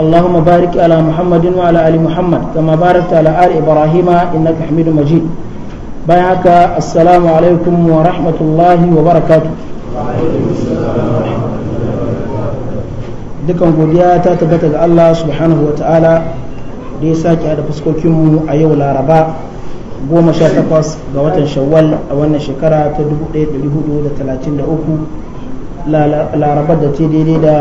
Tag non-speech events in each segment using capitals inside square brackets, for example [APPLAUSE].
اللهم بارك على محمد وعلى آل محمد كما باركت على آل إبراهيم إنك حميد مجيد بيعك السلام عليكم ورحمة الله وبركاته dukan godiya ta tabbata ga Allah subhanahu wa ta'ala da ya sake da fuskokinmu a yau laraba goma sha takwas ga watan shawwal a wannan shekara ta 1433 larabar da ce daidai da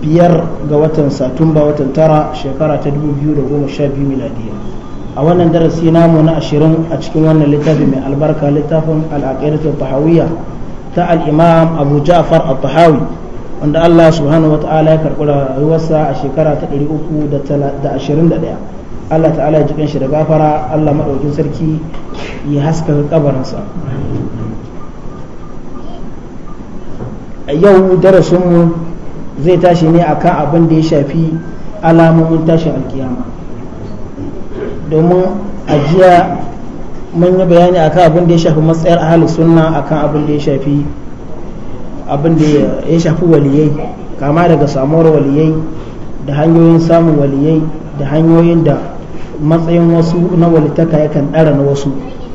biyar ga watan satumba watan tara shekara ta 2012 miladiya a wannan darasi namu na ashirin a cikin wannan littafi mai albarka littafin al'aqidatu tahawiyya ta al-imam abu ja'far at-tahawi wanda Allah subhanahu wata'ala ya karɓi rayuwarsa a shekara ta 321 Allah ta'ala ya jikin shi da gafara Allah maɗaukin sarki ya haska kabarinsa yau darasinmu zai tashi ne akan abin da ya shafi alamomin tashin alkiyama domin ajiya mun yi bayani akan abin da ya shafi matsayar ahalin sunna akan abin da ya shafi abin da ya shafi waliyai kama daga samuwar waliyai da hanyoyin samun waliyai da hanyoyin da matsayin wasu na walitaka yakan ɗara na wasu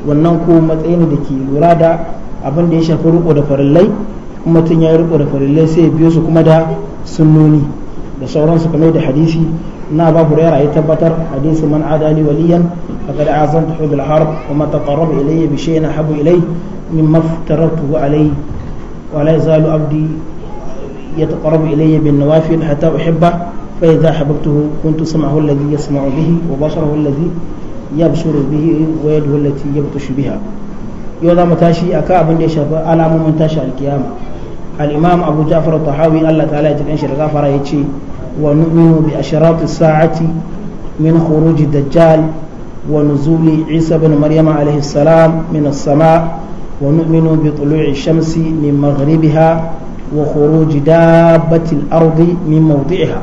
wannan ko matsayin da ke lura da abin da ya shafi riko da farillai mutum ya yi riko da farillai sai ya biyo su kuma da sunnoni da sauransu kamar da hadisi na ba hurairah ya tabbatar hadisi man adali waliyan faqad azantu bil harb wa ma taqarraba ilayya bi shay'in habu ilayya mimma aftaratuhu alayhi wa la yazalu abdi يتقرب إلي بالنوافل حتى أحبه فإذا أحببته كنت سمعه الذي يسمع به وبصره الذي يبصر به ويده التي يبطش بها يوضع متاشي أكا أبن يشفى على من تاشى alkiyama. al-imam abu ja'far tahawi Allah ta'ala ya ji kanshi da gafara ya ce wa nu'minu bi asharati sa'ati min kuruji dajjal wa nuzuli isa ibn maryam alayhi salam min as-sama' wa nu'minu bi tulu'i shamsi min maghribiha wa khuruji dabbati al-ardi min mawdi'iha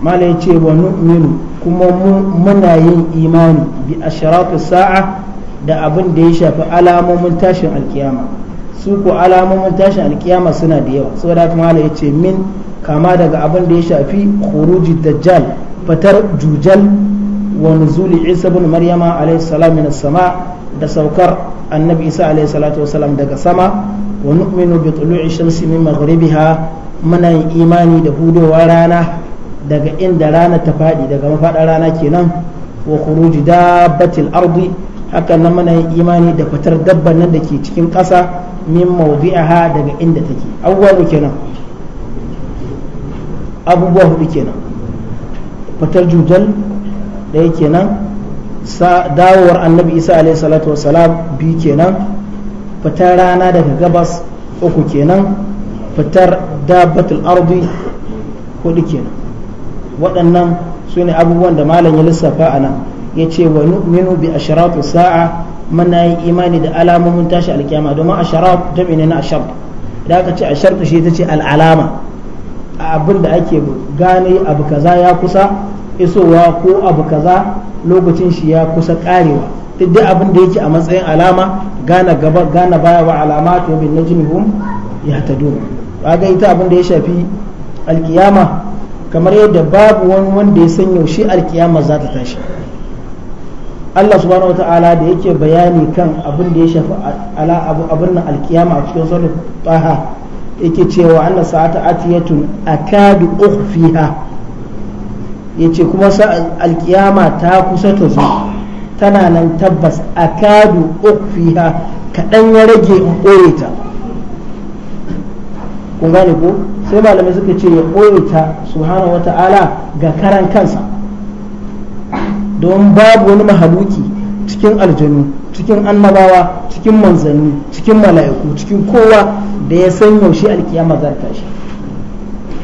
mala yace wa nu'minu kuma muna yin imani bi asharati sa'a da abin da ya shafi alamomin tashin alkiyama su ko alamomin tashin alkiyama suna da yawa saboda haka mala ya ce min kama daga abin da ya shafi khuruji dajjal fatar jujal wa nuzuli isa maryama alayhi salam min sama da saukar annabi isa alayhi salatu wasalam daga sama wa nu'minu bi tulu'i shamsi min maghribiha muna imani da hudowar rana daga inda rana ta faɗi daga mafaɗar rana kenan wa khuruji dabbatil ardi hakan nan muna imani da fatar dabban nan da ke cikin ƙasa min mawdi'aha daga inda take abubuwa kenan abubuwa hudu kenan fatar judal ɗaya kenan dawowar annabi isa alaihi salatu wasalam biyu kenan fitar rana daga gabas uku kenan fitar dabbatul ardi hudu kenan waɗannan su ne abubuwan da malam ya lissafa a nan ya ce wa nu'minu bi sa'a mana yi imani da alamomin tashi alkiyama domin a sharaf jami ne na ashar da aka ce a shartu shi ta ce al'alama a abin da ake gane abu kaza ya kusa isowa ko abu kaza lokacin shi ya kusa karewa duk dai abin da yake a matsayin alama gane gaba gane baya wa alama to bin najmi hum yahtadun kaga ita abin da ya shafi alkiyama kamar yadda babu wani wanda ya san yaushe alkiyama za ta tashi Allah subhanahu wata'ala da yake bayani kan abin da ya shafi ala abin nan alkiyama a cikin surat taha yake cewa anna sa'ata atiyatun akadu ukhfiha yace kuma alkiyama ta kusa ta zo tana nan tabbas akadu ukhfiha kadan ya rage in kore ta kun gane ko sai malamai suka ce ya kore ta subhanahu wata'ala ga karan kansa don babu wani mahaluki cikin aljanu cikin annabawa cikin manzanni cikin mala'iku cikin kowa da ya san yaushe alkiyama za ta tashi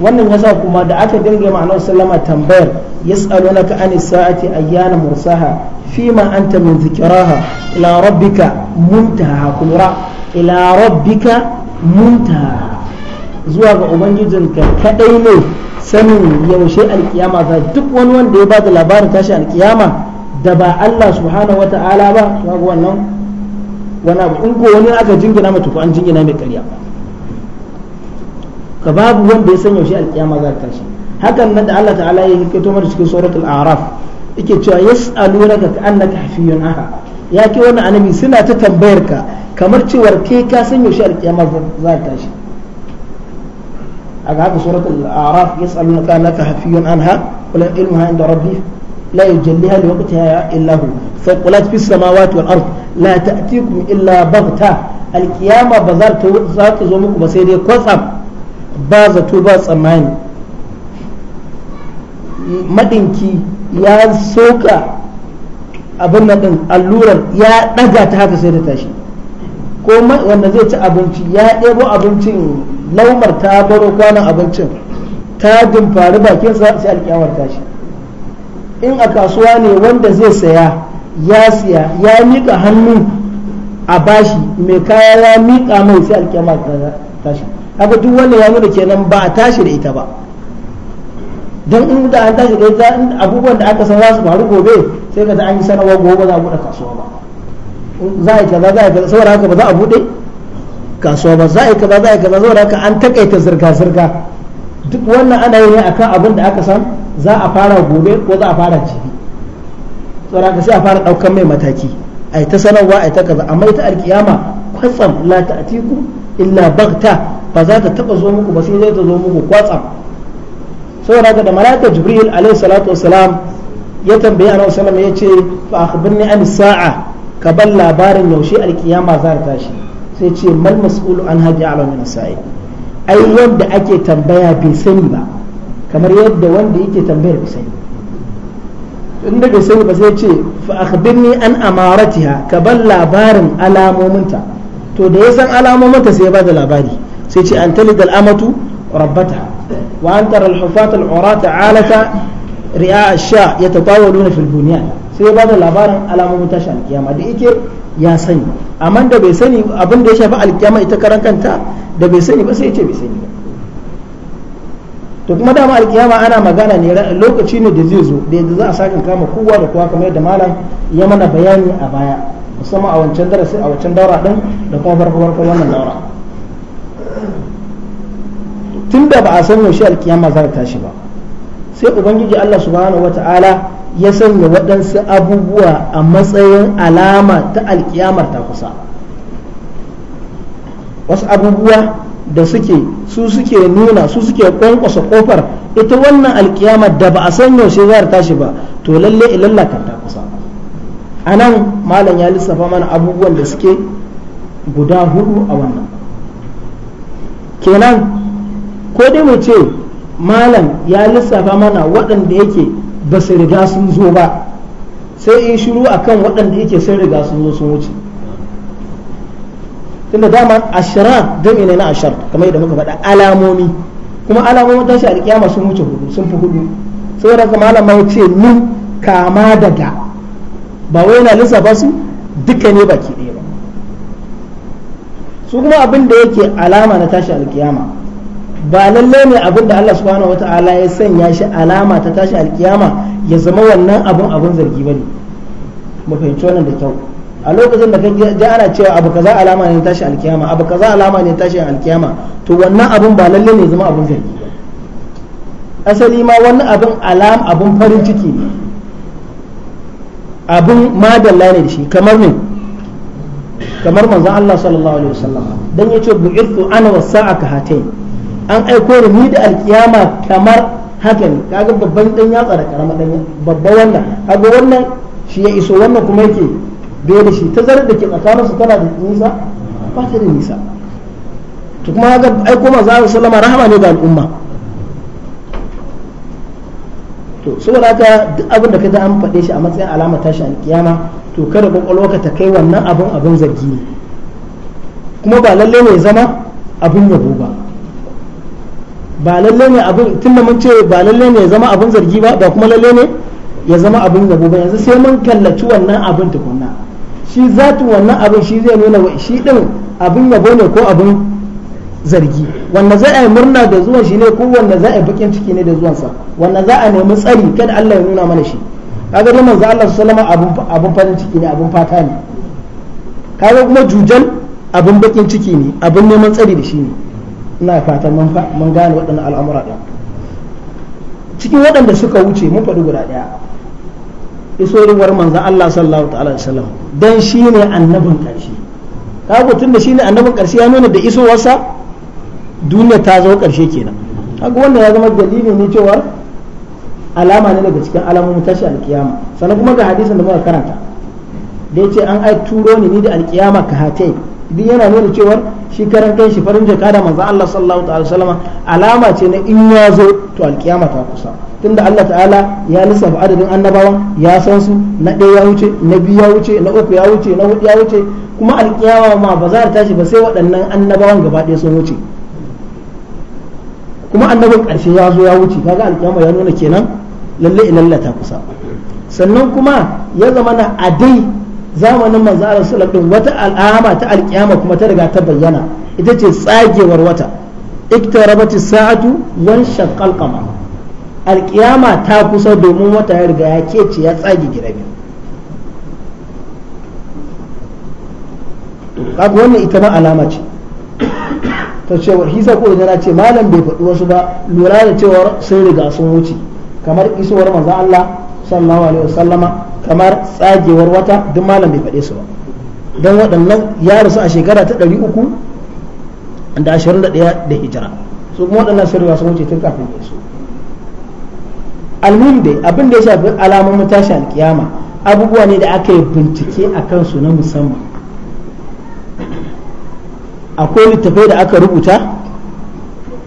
wannan yasa kuma da aka dinga ma'anar annabi sallama tambayar yas'alunaka an sa'ati ayyana mursaha fima anta min zikraha ila rabbika muntaha kulura ila rabbika muntaha zuwa ga ubangijinka kadai ne sanin yaushe alkiyama za duk wani wanda ya bada labarin tashi alkiyama da ba Allah subhanahu wata'ala ba to ga wannan wani abu in ko wani aka jingina mata ko an jingina mai karya ka babu wanda ya san yaushe alkiyama za tashi hakan nan da Allah ta'ala ya hikato mata cikin suratul a'raf yake cewa yas'alunaka ka annaka hafiyun aha ya ke wani annabi suna ta tambayar ka kamar cewar kai ka san yaushe alkiyama za tashi a aga haka suratul araf yasalun ka laka hafiyun anha wala ilmuha inda rabbi la yujalliha li waqtiha illa hu faqulat fis samawati wal ard la ta'tikum illa baghta al qiyama za ta zo muku ba sai dai kwatsam ba za ba tsammani maɗinki ya soka abin nan din allurar ya ɗaga ta haka sai da tashi ko wanda zai ci abinci ya ɗebo abincin laumar ta baro kwanan abincin ta dimfari sa sai alkiyawar tashi in a kasuwa ne wanda zai saya ya siya ya miƙa hannu a bashi mai kaya ya miƙa mai sai alkiyama tashi haka duk wanda ya nuna kenan ba a tashi da ita ba don in da an tashi da ita abubuwan da aka san za su faru gobe sai ka ta an yi sanarwa gobe za a buɗe kasuwa ba za a yi kaza za a yi kaza saboda haka ba za a buɗe kasuwa ba za a yi kaza za a yi kaza saboda haka an takaita zirga-zirga duk wannan ana yi akan abin da aka san za a fara gobe ko za a fara jibi saboda haka sai a fara daukan mai mataki a yi ta sanarwa a yi ta kaza amma ita alkiyama kwatsam la ta'tiku illa bagta ba za ta taba zo muku ba sai zai ta zo muku kwatsam saboda haka da malaka jibril alaihi salatu wassalam ya tambayi annabi sallallahu ya ce fa akhbirni an sa'a ka bar labarin yaushe alkiyama za ta tashi sai ce mal mas'ulu an haji ala min sa'i ai yadda ake tambaya bai sani ba kamar yadda wanda yake tambayar bai sani inda bai sani ba sai ce fa akhbirni an amaratiha ka bar labarin alamominta to da ya san alamominta sai ya ba da labari sai ce an talid al'amatu rabbata wa an tara al-hufata al-urata alata ri'a sha ya tatawaluna fil bunyan sai ya bada labarin alamomin tashi alkiyama da yake ya sani amma da bai sani abin da ya shafi alkiyama ita karan kanta da bai sani ba sai ya ce bai sani ba to kuma dama alkiyama ana magana ne lokaci ne da zai zo da yadda za a sakin kama kowa da kowa kamar yadda malam ya mana bayani a baya musamman a wancan darasi a wancan daura din da kuma farko farko wannan daura tunda ba a san yaushe alkiyama za ta tashi ba sai ubangiji Allah subhanahu wata'ala ya sanya waɗansu abubuwa a matsayin alama ta alkiyamar ta kusa wasu abubuwa da suke su suke nuna su suke kwankwasa kofar ita wannan alkiyama da ba a san yaushe za a tashi ba to lalle ilalla kan ta kusa a nan malam ya lissafa mana abubuwan da suke guda hudu a wannan kenan ko dai mu ce malam ya lissafa mana waɗanda yake ba su riga sun zo ba sai in shiru akan waɗanda yake sun riga sun zo sun wuce tunda dama ashara don ina na ashar kamar yadda muka faɗa alamomi kuma alamomin tashi alƙiyama sun wuce hudu sun fi hudu da kamar alamar ce ni kama daga ba wai na lissafa su duka ne baki ɗaya ba su kuma abin da yake alama na tashi alƙiyama ba lalle ne abin da Allah subhanahu ta'ala ya sanya shi alama ta tashi alkiyama ya zama wannan abun abun zargi bane mu fahimci wannan da kyau a lokacin da kan ji ana cewa abu kaza alama ne tashi alkiyama abu kaza alama ne tashi alkiyama to wannan abun ba lalle ne zama abun zargi ba asali ma wannan abun alam abun farin ciki ne abun madalla ne da shi kamar ne kamar manzon Allah sallallahu alaihi wasallam dan yace bu'irtu ana wasa'aka hatain an aiko da ni da alkiyama kamar haka ne kaga babban dan yatsa da karama dan babba wannan kaga wannan shi ya iso wannan kuma yake bai da shi tazarar da ke tsakanin su tana da nisa ba ta da nisa to kuma ga aiko manzo Allah sallama rahama ne ga al'umma to saboda haka duk abin da kaji an faɗe shi a matsayin alama tashi alkiyama to kada ka ta kai wannan abin abin zargi ne kuma ba lalle ne zama abin yabo ba ba lalle ne abin tun da mun ce ba lalle ne ya zama abin zargi ba ba kuma lalle ne ya zama abin zabo ba yanzu sai mun kallaci wannan abin tukunna shi zatu wannan abin shi zai nuna shi din abin yabo ne ko abin zargi wanda za a yi murna da zuwan shi ne ko wanda za a yi bakin ciki ne da zuwan sa wanda za a nemi tsari kada Allah ya nuna mana shi kaga da manzo Allah sallama abin abin farin ciki ne abin fata ne kaga kuma jujal abin bakin ciki ne abin neman tsari da shi ne ina fatan mun gane waɗannan al'amura ɗin cikin waɗanda suka wuce mun faɗi guda ɗaya isorewar manzo Allah sallallahu ta'ala alaihi wasallam dan shine annabin ƙarshe kaga tun da shine annabin ƙarshe ya nuna da isowarsa duniya ta zo ƙarshe kenan haka wanda ya zama dalili ne cewa alama ne daga cikin alamomin tashi alkiyama sannan kuma ga hadisin da muka karanta da yace an ai turo ni ni da alkiyama ka hatai duk yana nuna cewar shi karan kai shi farin jaka da manzo Allah sallallahu alaihi wasallam alama ce na in ya zo to alkiyama ta kusa tunda Allah ta'ala ya lissafa adadin annabawan ya san su na ɗaya ya wuce na biyu ya wuce na uku ya wuce na hudu ya wuce kuma alkiyama ma ba za ta tashi ba sai waɗannan annabawan gaba ɗaya sun wuce kuma annabin ƙarshe ya zo ya wuce kaga alkiyama ya nuna kenan lalle ilalla ta kusa sannan kuma ya zama na adai zamanin manzo Allah sallallahu alaihi wata al'ama ta alkiyama kuma ta riga ta bayyana ita ce tsagewar wata iktarabati sa'atu wan shaqqal qamar alkiyama ta kusa domin wata ya riga ya kece ya tsage gida kaga wannan ita ma alama ce ta cewa hisa ko idan ce malam bai faɗi wasu ba lura da cewa sun riga sun wuce kamar isowar manzo Allah sallallahu alaihi wasallama kamar tsagewar wata duk malam bai faɗe su ba don waɗannan ya rasu a shekara ta ɗari uku da ashirin da ɗaya da hijira su kuma waɗannan sun riga sun wuce tun kafin ya su almuhim dai abin da ya shafi alamomin tashi alkiyama abubuwa ne da aka yi bincike a kansu na musamman akwai littafai da aka rubuta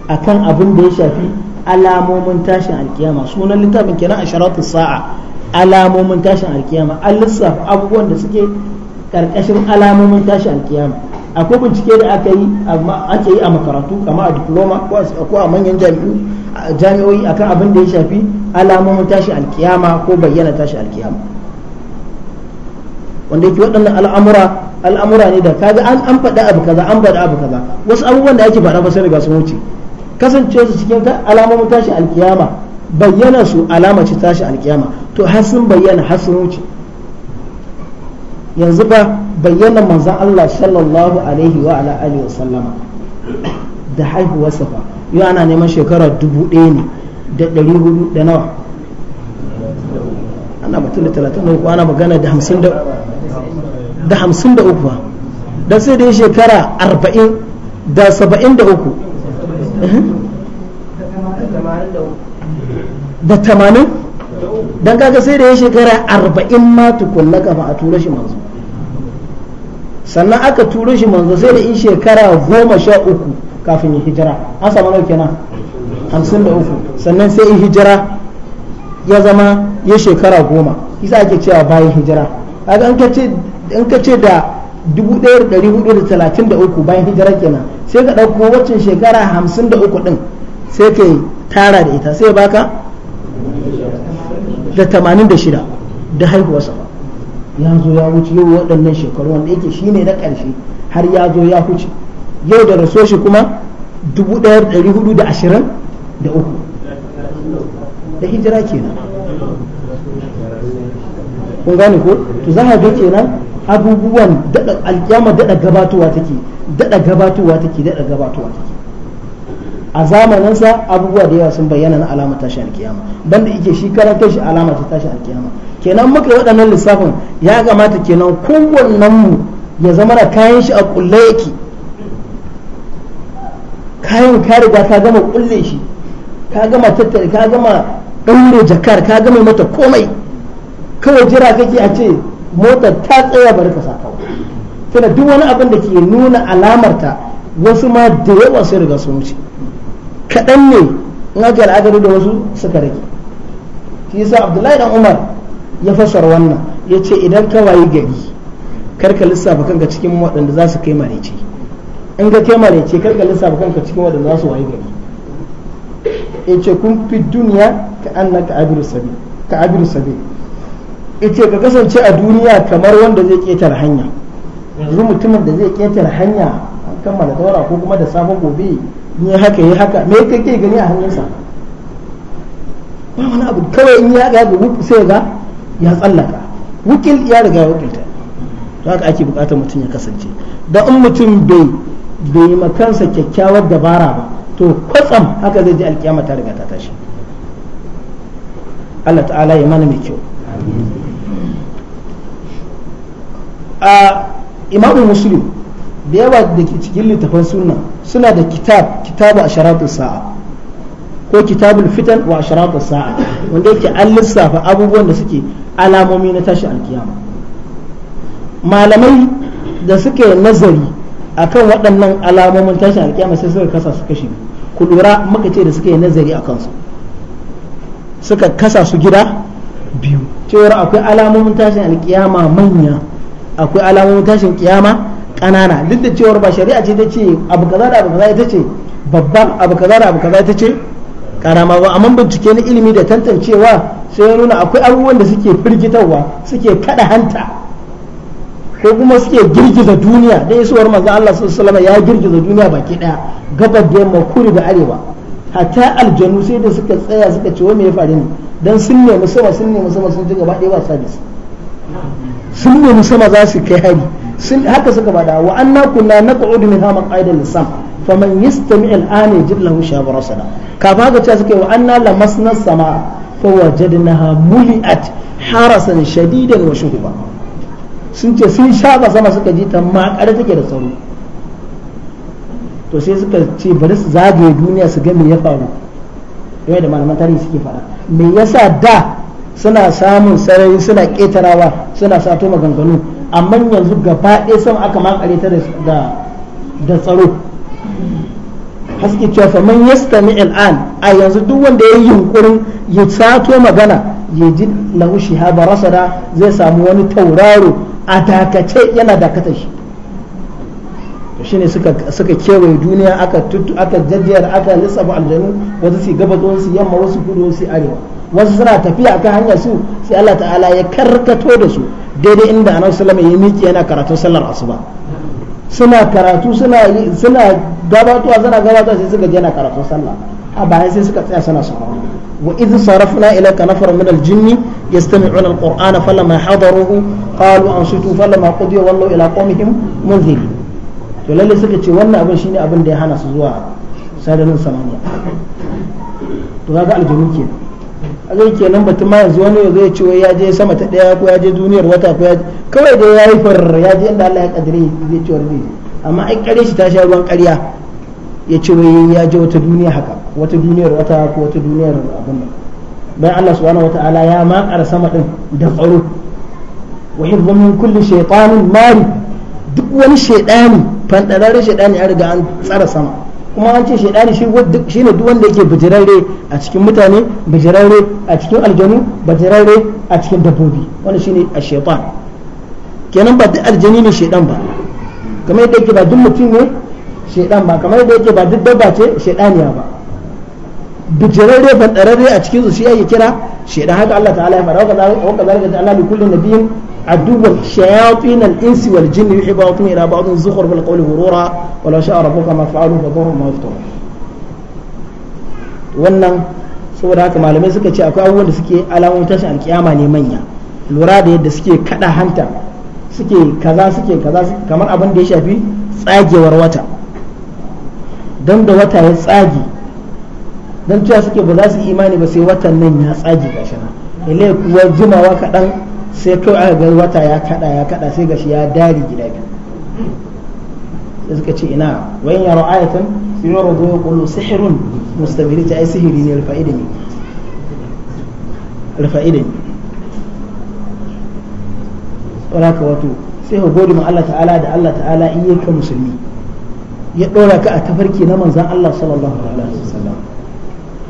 a kan abin da ya shafi alamomin tashin alkiyama sunan littafin kenan a sharatun sa'a alamomin tashin alkiyama an lissafa abubuwan da suke karkashin alamomin tashin alkiyama akwai bincike da aka yi ake yi a makarantu kama a diploma ko a manyan jami'u jami'o'i akan abin da ya shafi alamomin tashin alkiyama ko bayyana tashin alkiyama wanda yake waɗannan al'amura al'amura ne da kaga an an faɗa abu kaza an faɗa abu kaza wasu abubuwan da ake faɗa ba sai riga sun wuce kasance su cikin alamomin tashin alkiyama bayyana su alama ce tashi alkiyama to har sun bayyana har sun wuce yanzu ba bayyana manzan Allah sallallahu alaihi wa ala alihi wa sallama da haihuwarsa fa yau ana neman shekara dubu ɗaya ne da ɗari hudu da nawa ana batun da talatin da uku ana magana da hamsin da da hamsin da uku da sai dai shekara arba'in da saba'in da uku da tamanin don kaga sai da ya shekara arba'in ma tukunna kafa a tura shi manzo sannan aka tura shi manzo sai da in shekara goma sha uku kafin ya hijira an samu nau kenan hamsin da uku sannan sai in hijira ya zama ya shekara goma isa ake cewa bayan hijira kaga in ka ce da dubu da da da hudu talatin uku bayan hijira kenan sai ka ɗauko waccan shekara hamsin da uku ɗin sai ka tara da ita sai baka da tamanin da shida da haihuwarsa ba ya zo ya wuce yau waɗannan shekaru wanda yake shi ne na ƙarshe har ya zo ya huce yau da raso kuma dubu ɗaya da ɗari hudu da ashirin da uku da hijira kenan kun gane ko to za a ga kenan abubuwan daɗa alƙyama daɗa gabatowa take daɗa gabatowa take daɗa gabatowa take a zamaninsa abubuwa da yawa sun bayyana na alamar tashi alkiyama da ike shi karanta shi alama ta tashi alkiyama kenan muka yi waɗannan lissafin ya kamata kenan kowannen mu ya zama da kayan shi a kulle yake kayan ka riga ka gama kulle shi ka gama tattare ka gama ɗaure jakar ka gama mata komai kawai jira kake a ce motar ta tsaya bari ka saka tana duk wani abin da ke nuna alamarta wasu ma da yawa sun riga sun wuce kaɗan ne in aka al'adari da wasu suka rage shi yasa abdullahi dan umar ya fasar wannan ya ce idan ka wayi gari karka lissafa kanka cikin waɗanda za su kai marece in ka kai kar karka lissafa kanka cikin waɗanda za su wayi gari ya ce kun fi duniya ka anna ka abiru sabi ka abiru sabi ya ce ka kasance a duniya kamar wanda zai ƙetare hanya yanzu mutumin da zai ƙetare hanya an kammala daura ko kuma da safe gobe ni haka yi haka me kake gani a hannunsa ba wani abu kawai in ya ga wuf sai ga ya tsallaka wukil ya riga ya wukilta to haka ake bukatar mutum ya kasance da in mutum bai bai makansa kyakkyawar dabara ba to kwatsam haka zai ji alkiyama ta riga ta tashi Allah ta'ala ya mana mai kyau a imamu muslim da yawa da ke cikin littafan sunna suna da kitab kitabu sharatun sa'a ko kitabul fitan wa sharatun sa'a wanda yake an lissafa abubuwan da suke alamomi na tashi alkiyama malamai da suke nazari akan waɗannan alamomin tashi alkiyama sai suka kasa su kashe ku lura muka ce da suke nazari a kansu suka kasa su gida biyu cewar akwai alamomin tashin alkiyama manya akwai alamomin tashin kiyama kanana duk da cewar ba shari'a ce ta ce abu kaza da abu kaza ita ce babban abu kaza da abu kaza ita ce karama ba amma bincike na ilimi da tantancewa sai ya nuna akwai abubuwan da suke firgitarwa suke kada hanta ko kuma suke girgiza duniya da isuwar manzo Allah sallallahu alaihi ya girgiza duniya baki daya gabar da yamma kuri da arewa hatta aljanu sai da suka tsaya suka ce wai me ya faru ne dan sun nemi sama sun nemi sama sun ji gaba ɗaya ba sabis sun nemi sama za su kai hari sun haka suka bada wa anna kunna naq'udu minha maq'ida lisam faman yastami al'an yajid lahu shabara sada ka ba ga cewa suke wa anna lamasna sama fa wajadnaha muli'at harasan shadidan wa shuhuba sun ce sun shafa sama suka ji ta makare take da tsaro to sai suka ce bari su zagaye duniya su ga me ya faru yau da malaman tarihi suke faɗa me yasa da suna samun sarari suna ketarawa suna sato maganganu amma yanzu gaba ɗaya son aka makare ta da tsaro haske cewa fa man yastami al'an a yanzu duk wanda ya yi yunkurin ya sato magana ya ji lahu shihaba rasada zai samu wani tauraro a dakace yana dakata shi to shine suka suka kewaye duniya aka tuttu aka jajjiyar aka lissafa aljanu wasu su gaba su yamma wasu kudu wasu arewa wasu suna tafiya akan hanya su sai Allah ta'ala ya karkato da su daidai inda annabi sallallahu alaihi ya miƙe yana karatun sallar asuba suna karatu suna suna gabatowa suna gabatowa sai suka je yana karatun sallah a bayan sai suka tsaya suna sauraro wa idh sarafna ilaka nafar min al-jinni yastami'una al-qur'ana falamma hadaruhu qalu ansitu falamma qudiya wallahu ila qawmihim munzirin to lalle suka ce wannan abin shine abin da ya hana su zuwa sadarin samaniya to kaga aljanu kenan azai kenan batun ma yanzu wani zai ce ya je sama ta daya ko ya je duniyar wata ko ya kawai da yi farar ya je inda Allah ya kadire zai ce wani amma ai kare shi ta sha ruwan karya ya ce wai ya je wata duniya haka wata duniyar wata ko wata duniyar abin nan bai Allah subhanahu wataala ya makar sama din da tsaro wa hifdhu min kulli shaytanin mari duk wani shaydani fandararren shaydani ya riga an tsara sama kuma an ce shaidani shi ne duk wanda yake bijirarre a cikin mutane bijirarre a cikin aljanu bijirarre a cikin dabbobi wannan shine a shaitan kenan ba duk aljani ne shaidan ba kamar yadda yake ba duk mutum ne shaidan ba kamar yadda yake ba duk dabba ce shaidaniya ba bijirarre fadararre a cikin su shi ake kira shedan haka Allah ta'ala ya fara wa kazalika ta'ala li kulli nabiyyin aduwwan shayatin al-insi wal jinni yuhibbatun ila ba'dhin zukhruf al-qawli hurura wa law sha'a rabbuka ma fa'alu fa dhurru ma yaftarun wannan saboda haka malamai suka ce akwai abubuwan da suke alamun tashin alkiyama ne manya lura da yadda suke kada hanta suke kaza suke kaza kamar abin da ya shafi tsagewar wata don da wata ya tsage don cewa suke ba za su imani ba sai watan nan ya tsage gashi na ilai kuwa jimawa kaɗan sai kawai a ga wata ya kaɗa ya kaɗa sai gashi ya dari gida biyu sai suka ce ina wayan yaro ayatan sai yaro zo ya kullu sihirun mustamiri ta ai sihiri ne rufa ilimi rufa ilimi ka wato sai ka gode ma Allah ta'ala da Allah ta'ala in yi ka musulmi ya ɗora ka a tafarki na manzan Allah sallallahu alaihi wasallam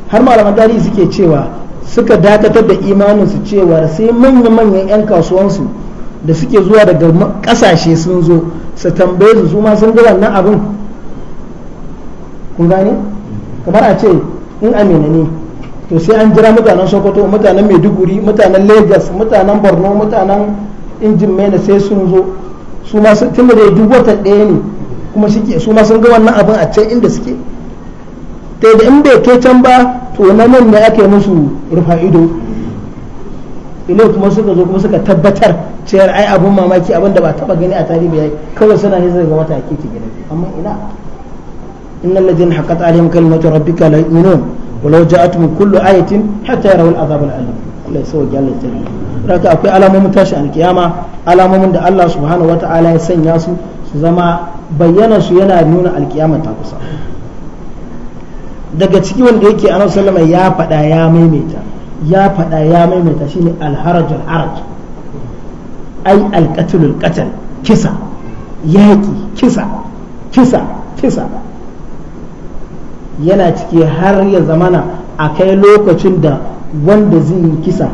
har malaman tarihi suke cewa suka dakatar da imaninsu cewa sai manya-manyan 'yan kasuwansu da suke zuwa daga kasashe sun zo su tambaye su su ma sun ga wannan abin kun gane kamar a ce in amina ne to sai an jira mutanen sokoto mutanen maiduguri mutanen lagos mutanen borno mutanen injin mena sai sun zo su ma tun da duk watan ɗaya ne kuma su ma sun ga wannan abin a can inda suke ta da in bai can ba to na nan ne ake musu rufa ido ilai kuma suka zo kuma suka tabbatar cewar ai abun mamaki abin da ba taba gani a tarihi yayi kawai suna ne zai ga wata ake ta gidan amma ina innal ladina haqqat alaihim kalimatu rabbika la yu'minun walau ja'atuhum kullu ayatin hatta yarawul azab al'alim Allah ya sauke Allah ya haka akwai alamomin tashi alkiyama alamomin da Allah subhanahu wata'ala ya sanya su su zama bayyana su yana nuna alkiyama ta kusa daga ciki wanda yake annabi sallama ya faɗa ya maimaita ya faɗa ya maimaita shine alharajul haraj ai alqatlul qatl kisa yaki kisa kisa kisa yana ciki har ya zamana a kai lokacin da wanda zai yi kisa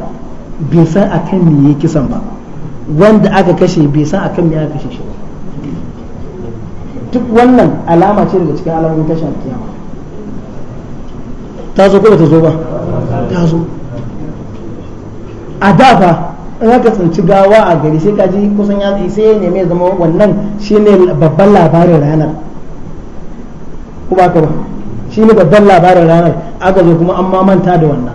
bai san akan me yake kisan ba wanda aka kashe bai san akan me aka kashe shi ba duk wannan alama ce daga cikin alamun tashin kiyama ta zo ko ta zo ba ta zo a da fa in aka tsinci gawa a gari sai ka ji kusan ya sai ya neme zama wannan ne babban labarin ranar ko ba ka ba shi ne babban labarin ranar aka zo kuma an mamanta da wannan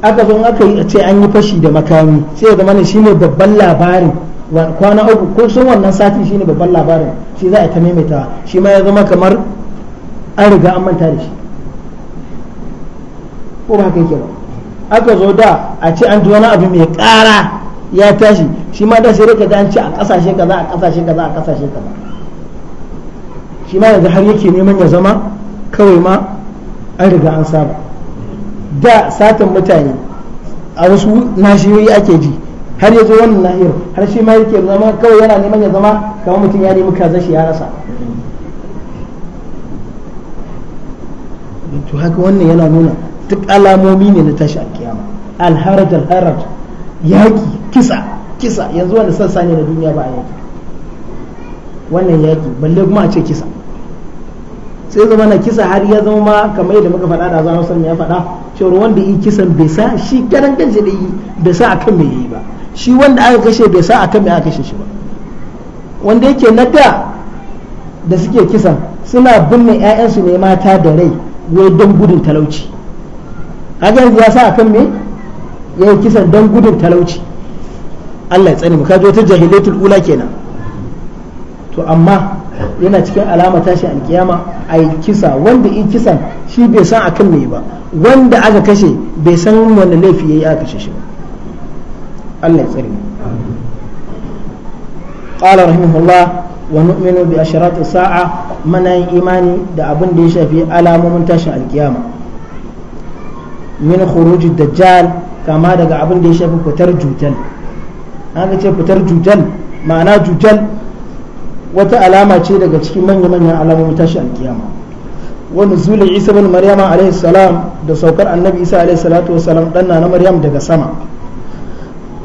aka zo aka yi ce an yi fashi da makami sai zama ne ne babban labarin kwana uku ko sun wannan shi ne babban labarin shi za a ta maimaita shi ma ya zama kamar an riga an manta da shi ko ba haka yake ba aka zo da a ce an ji wani abu mai ƙara ya tashi shi ma da sai rika da an ce a kasashe kaza a kasashe kaza a kasashe kaza shi ma yanzu har yake neman ya zama kawai ma an riga an saba da satan mutane a wasu nashiyoyi ake ji har ya zo wannan nahiyar har shi ma yake zama kawai yana neman ya zama kamar mutum ya nemi kaza shi ya rasa to haka wannan yana nuna duk alamomi ne na tashi alkiyama alharaj alharaj yaki kisa kisa yanzu wanda sassa ne na duniya ba a yaki wannan yaki balle kuma a ce kisa sai zama na kisa har ya zama ma kamar yadda muka faɗa da zama san ya faɗa cewar wanda yi kisan bai sa shi karan kanshi da yi bai sa akan me yi ba shi wanda aka kashe bai sa akan me aka kashe shi ba wanda yake na da da suke kisan suna binne 'ya'yansu ne mata da rai wai don gudun talauci kaga yanzu ya sa akan me ya yi kisan don gudun talauci Allah ya tsani mu kaji wata jahilatul ula kenan to amma yana cikin alama tashi alkiyama a yi kisa wanda yi kisan shi bai san akan me ba wanda aka kashe bai san wani laifi yayi aka kashe shi ba Allah ya tsani mu قال رحمه الله ونؤمن بأشراط الساعة من إيماني دا أبن دي شافي على ممن تشاء القيامة min khuruji dajjal kama daga abin da ya shafi fitar jujal an ce fitar jujal ma'ana jujal wata alama ce daga cikin manya-manyan alamomin tashi alkiyama wa nuzulul isa bin maryama alaihi salam da saukar annabi isa alaihi salatu wa salam danna na maryam daga sama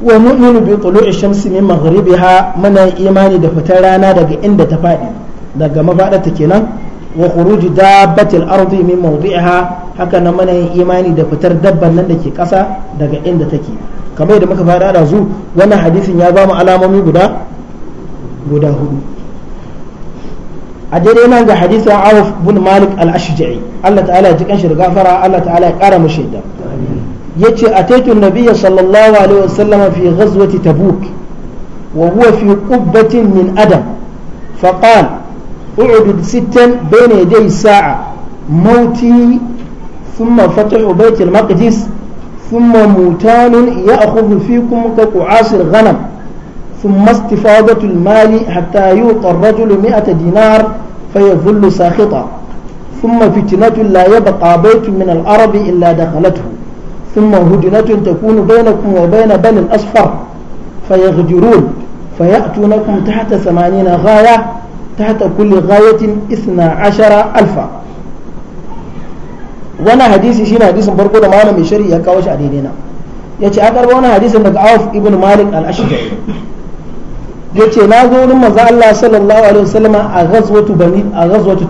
wa mu'minu bi tulu'i shamsi min maghribiha muna imani da fitar rana daga inda ta faɗi daga mafadar ta kenan wa khuruji dabbatil ardi min mawdi'iha haka nan mana yin imani da fitar dabban nan da ke ƙasa daga inda take kamar yadda muka fara da zu wannan hadisin ya ba mu alamomi guda guda hudu a daidai nan ga hadisin Auf bin Malik al-Ashja'i Allah ta'ala ya ji kanshi da gafara Allah ta'ala ya kara mishi da yace ataitu nabiyya sallallahu alaihi wasallam fi ghazwati tabuk wa huwa fi qubbatin min adam فقال اعدد ستا بين يدي الساعة موتي ثم فتح بيت المقدس ثم موتان يأخذ فيكم كقعاص الغنم ثم استفاضة المال حتى يوقى الرجل مئة دينار فيظل ساخطا ثم فتنة لا يبقى بيت من العرب إلا دخلته ثم هدنة تكون بينكم وبين بني الأصفر فيغدرون فيأتونكم تحت ثمانين غاية تحت كل غاية اثنا عشر ألفا وانا حديثي شين حديث بركو ده معنا من شري يكاوش عديدنا يتي أقرب وانا حديث من عوف ابن مالك الأشجعي yace na zo wurin maza Allah sallallahu alaihi wasallama a ghazwatu bani a ghazwatu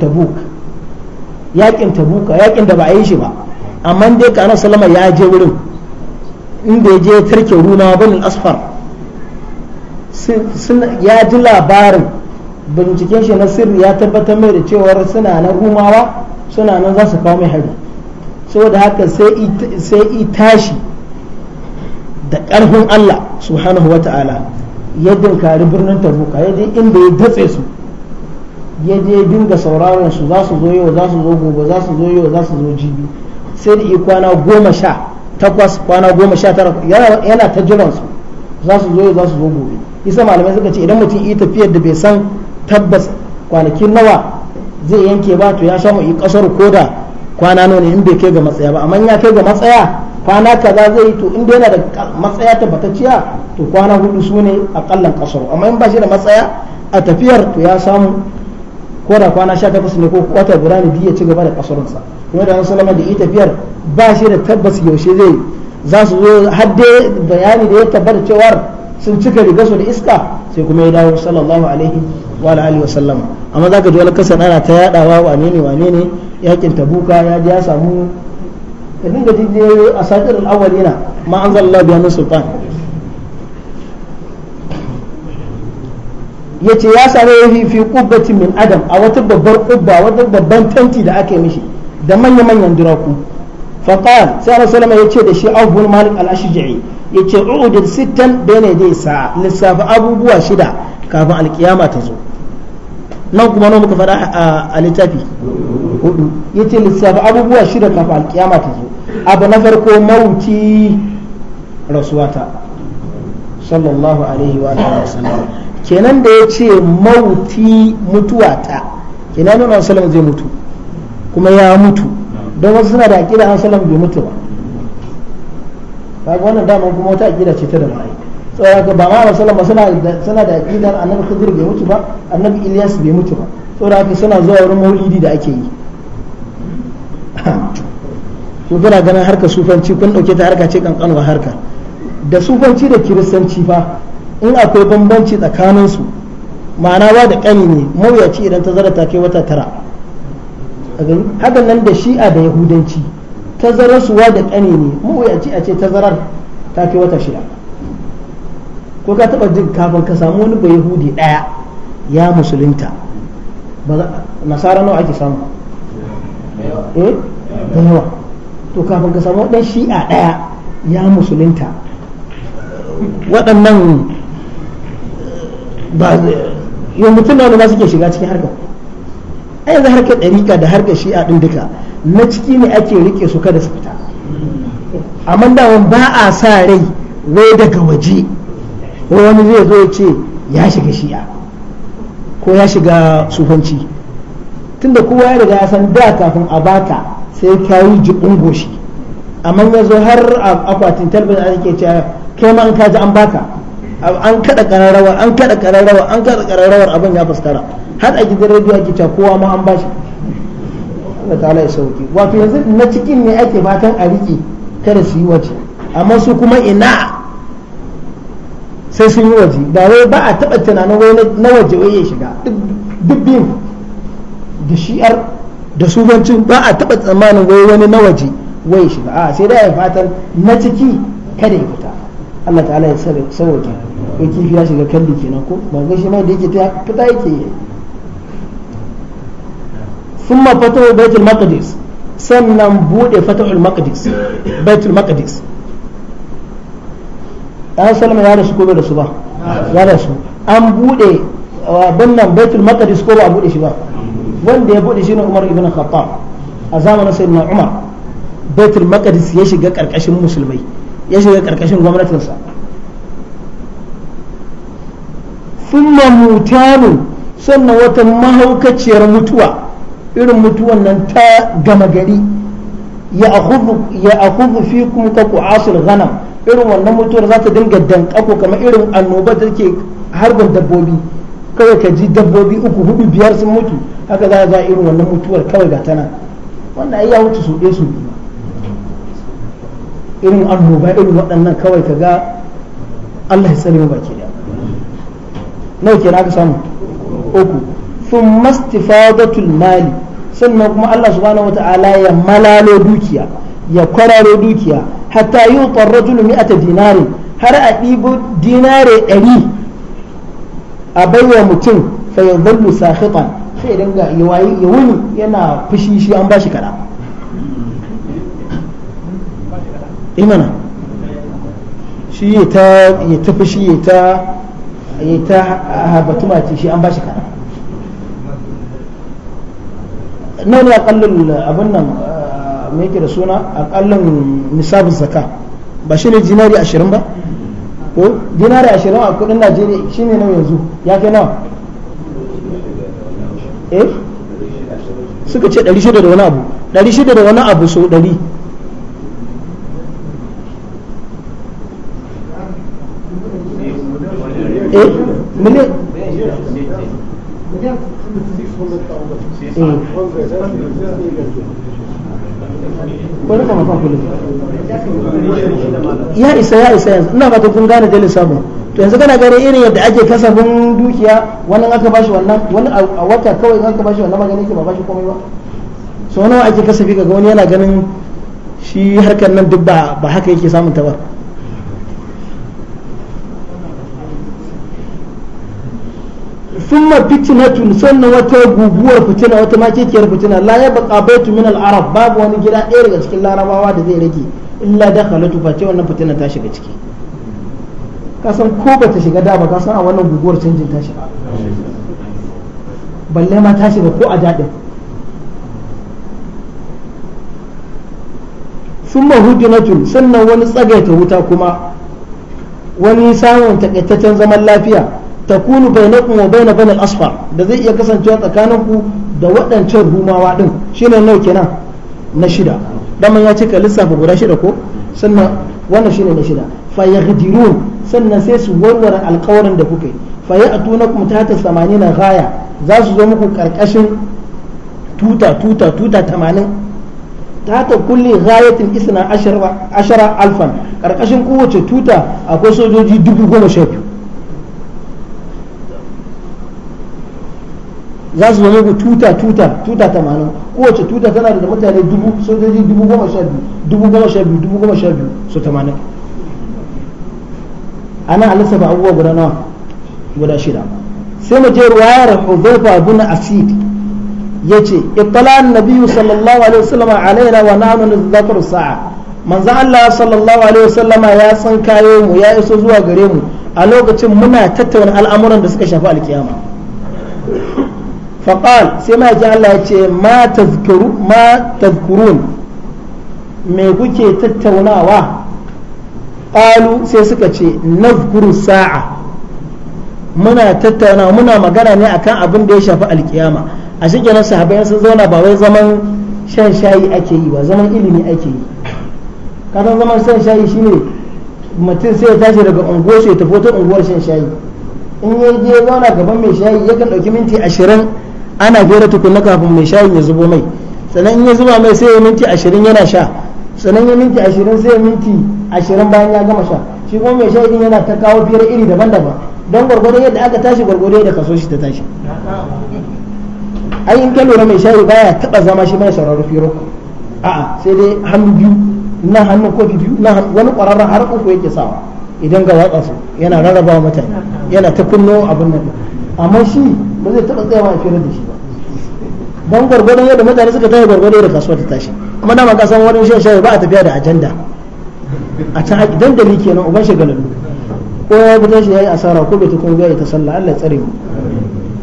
yakin tabuka yaƙin da ba a yi shi ba amma dai ka annabi ya je wurin inda ya je tarke runa bani asfar ya ji labarin binciken shi na sirri ya tabbatar mai da cewar suna nan rumawa suna nan za su kawo mai hari saboda haka sai i tashi da ƙarfin Allah subhanahu wa ta'ala ya dinkari birnin tabuka ya je inda ya datse su ya je dinga sauraron su za su zo yau za su zo gobe za su zo yau za su zo jibi sai da kwana goma sha takwas kwana goma sha tara yana ta jiransu za su zo yau za su zo gobe isa malamai suka ce idan mutum yi tafiyar da bai san tabbas kwanaki nawa zai yanke ba to ya samu mu kasar koda kwana nawa ne in bai kai ga matsaya ba amma ya kai ga matsaya kwana kaza zai yi to in dai yana da matsaya tabbatacciya to kwana hudu su ne akallan kasar amma in ba shi da matsaya a tafiyar to ya samu ko da kwana takwas ne ko wata guda ne ya ci gaba da kasarunsa kuma da sallama da ita tafiyar ba shi da tabbas yaushe zai za su zo har dai bayani da ya tabbata cewar sun cika riga su da iska sai kuma ya dawo sallallahu alaihi wa alihi wa sallama amma zaka ji wani kasa ana ta yadawa wane ne wane ne yakin tabuka ya ji ya samu ka dinga ji a sadir al-awwalina ma anzalallahu bihi min sultan yace ya same fi kubbatin min adam a wata babbar kubba wata babban tanti da aka yi mishi da manya manyan duraku faqal sai rasulullahi yace da shi abul malik al-ashja'i yace uudin sittan bene dai sa'a lissafi abubuwa shida kafin alkiyama ta zo nan kuma nan muka faɗa a littafi hudu yace lissafi abubuwa shida kafin alkiyama ta zo abu na farko mauti rasuwata sallallahu alaihi wa sallam kenan da ya ce mauti mutuwata kenan nuna sallam zai mutu kuma ya mutu don wasu suna da aƙida an sallam bai mutu ba kaga wannan dama kuma wata aqida ce ta da mai saboda ba ma sallama suna suna da aqidar annabi khidir bai mutu ba annabi ilyas bai mutu ba saboda haka suna zuwa wurin maulidi da ake yi ko [LAUGHS] kuna ganin harka sufanci kun dauke ta harka ce kankanuwa harka da sufanci da kiristanci fa in akwai bambanci tsakanin su ma'ana ba da kani ne mawuyaci idan ta zara ta kai wata tara hakan nan da shi'a da yahudanci tazararsuwa da ƙani ne mawuyaci a ce tazarar ta fi wata shida ko ka taɓa jin kafin ka samu wani bai yahudi ɗaya ya musulunta nasara nawa ake samu eh da yawa to kafin ka samu ɗan shi'a ɗaya ya musulunta waɗannan ba yau mutum na wani ba suke shiga cikin harkar ai yanzu harkar ɗarika da harkar shi'a ɗin duka na ciki ne ake rike su kada su fita amma daman ba a sa rai wai daga waje ko wani zai zo ya ce ya shiga shi'a ko ya shiga sufanci tunda kowa ya riga ya san da kafin a baka sai ka yi jibin goshi amma ya zo har akwatin talbijin ke cewa kai ma an kaji an baka an kada kararrawa an kada kararrawa an kada kararrawar abin ya fuskara har a gidan rediyo ake cewa kowa ma an bashi Allah ta'ala ya sauke wato yanzu na cikin ne ake fatan a rike kada su yi waje amma su kuma ina sai sun yi waje ba wai ba a taɓa tunanin wai na waje wai ya shiga duk biyun da shi'ar da sugancin ba a taɓa tsammanin wai wani na waje wai ya shiga a sai dai fatan na ciki kada ya fita Allah ta'ala ya sauke wai kifi ya shiga kalli kenan ko ba gashi mai da yake fita yake yi ثم فتح بيت المقدس sannan bude fatahul maqdis baitul maqdis an salama ya rasu ko bai rasu ba ya rasu an bude abin nan baitul maqdis ko ba a bude shi ba wanda ya bude shi ne umar ibn khattab a zamanin sayyidina umar baitul maqdis ya shiga karkashin musulmai ya shiga karkashin gwamnatinsa thumma mutanu sannan wata mahaukaciyar mutuwa irin mutuwan nan ta gama gari ya akhudhu fikum ka qu'asul ghanam irin wannan mutuwar za ta dinga danƙako kamar irin annoba da ke harbin dabbobi kawai ka ji dabbobi uku hudu biyar sun mutu haka za za irin wannan mutuwar kawai ga tana wannan ai ya wuce su ɗaya su biyu irin annoba irin waɗannan kawai ka ga Allah ya tsare mu baki da nawa kenan aka samu uku thumma istifadatul mali sannan kuma Allah subhanahu wata'ala ya malalo dukiya ya kwararo dukiya hatta yi rajulu ta dinari har a ɗibo dinare ɗari a baiwa mutum fa ya zallu sakhitan sai dinga ya wuni yana fushi shi an bashi kada nan ne akallin eh, abin nan eh, me yake da suna akallin nisabin zaka ba shi ne jinari ashirin ba ko jinari ashirin a kudin najeriya shi ne nan yanzu ya ke nawa eh suka ce ɗari shida da wani abu ɗari shida da wani abu sau ɗari eh miliyan ya isa ya isa yanzu ina fata kun gane dalil samu to yanzu kana gare irin yadda ake kasafin dukiya wannan aka bashi wannan wani a wata kawai in aka bashi wannan magani ke ba bashi komai ba so wani ake kasafi kaga wani yana ganin shi harkar nan duk ba haka yake samun ta ba thumma fitnatun sannan wata guguwar fitina wata makekiyar fitina la ya baqa baitu min al babu wani gida ɗaya daga cikin larabawa da zai rage illa dakhalatu fa face wannan fitina ta shiga ciki kasan ko ba ta shiga da ba kasan a wannan guguwar canjin ta shiga balle ma ta shiga ko a daɗin summa hudinatun sannan wani tsagaita wuta kuma wani samun takaitaccen zaman lafiya takunu bainakum wa bain banal asfar da zai iya kasancewa ku da waɗancan rumawa din shine nau kenan na shida dan ya ce ka lissafa guda shida ko sannan wannan shine na shida fa yaghdirun sannan sai su warware alƙawarin da kuke fa ya'tunakum tahta 80 ghaya za su zo muku karkashin tuta tuta tuta 80 tahta kulli ghayatin isna ashara alfan karkashin kowace tuta akwai sojoji dubu goma sha za su zama ku tuta tuta tuta tamanin kowace tuta tana da mutane dubu sojoji dubu goma sha biyu dubu goma sha biyu dubu goma sha biyu su tamanin ana ba abubuwa guda nawa guda shida sai mu je ruwayar hudhaifa bin asid yace ittala an-nabi sallallahu alaihi wasallam alaina wa nahnu nadhakar sa'a manzo Allah sallallahu alaihi wasallam ya san kayo mu ya iso zuwa gare mu a lokacin muna tattauna al'amuran da suka shafi alkiyama faƙal sai ma ji Allah ya ce ma tazkurun me kuke tattaunawa ƙalu sai suka ce nazkuru sa'a muna tattauna muna magana ne akan abin da ya shafi alkiyama a shi kenan sahabai sun zauna ba wai zaman shan shayi ake yi ba zaman ilimi ake yi kasan zaman shan shayi shine mutum sai ya tashi daga unguwar shi ya tafi wata unguwar shan shayi in ya je zauna gaban mai shayi yakan ɗauki minti ashirin ana fira tukunna kafin mai shayin ya zubo mai sannan in ya zuba mai sai ya minti ashirin yana sha sannan ya minti ashirin sai ya minti ashirin bayan ya gama sha shi kuma mai shayin yana ta kawo fiyar iri daban-daban don gwargwado yadda aka tashi gwargwado yadda kaso shi ta tashi ai in ka lura mai shayi baya taba zama shi mai sauraro firo a'a sai dai hannu biyu na hannu kofi biyu na wani kwararren har uku yake sawa idan ga watsa su yana rarraba mutane yana ta kunno abin nan amma shi ba zai taba tsayawa a fira da shi don gwargwadon yadda mutane suka tashi gwargwadon yadda kasuwar ta tashi kuma dama ka san wani shan shaye ba a tafiya da ajanda a can dandali kenan uban shagalallu ko ya fita shi yayi asara ko bai ta kuma ya ta sallah Allah ya tsare mu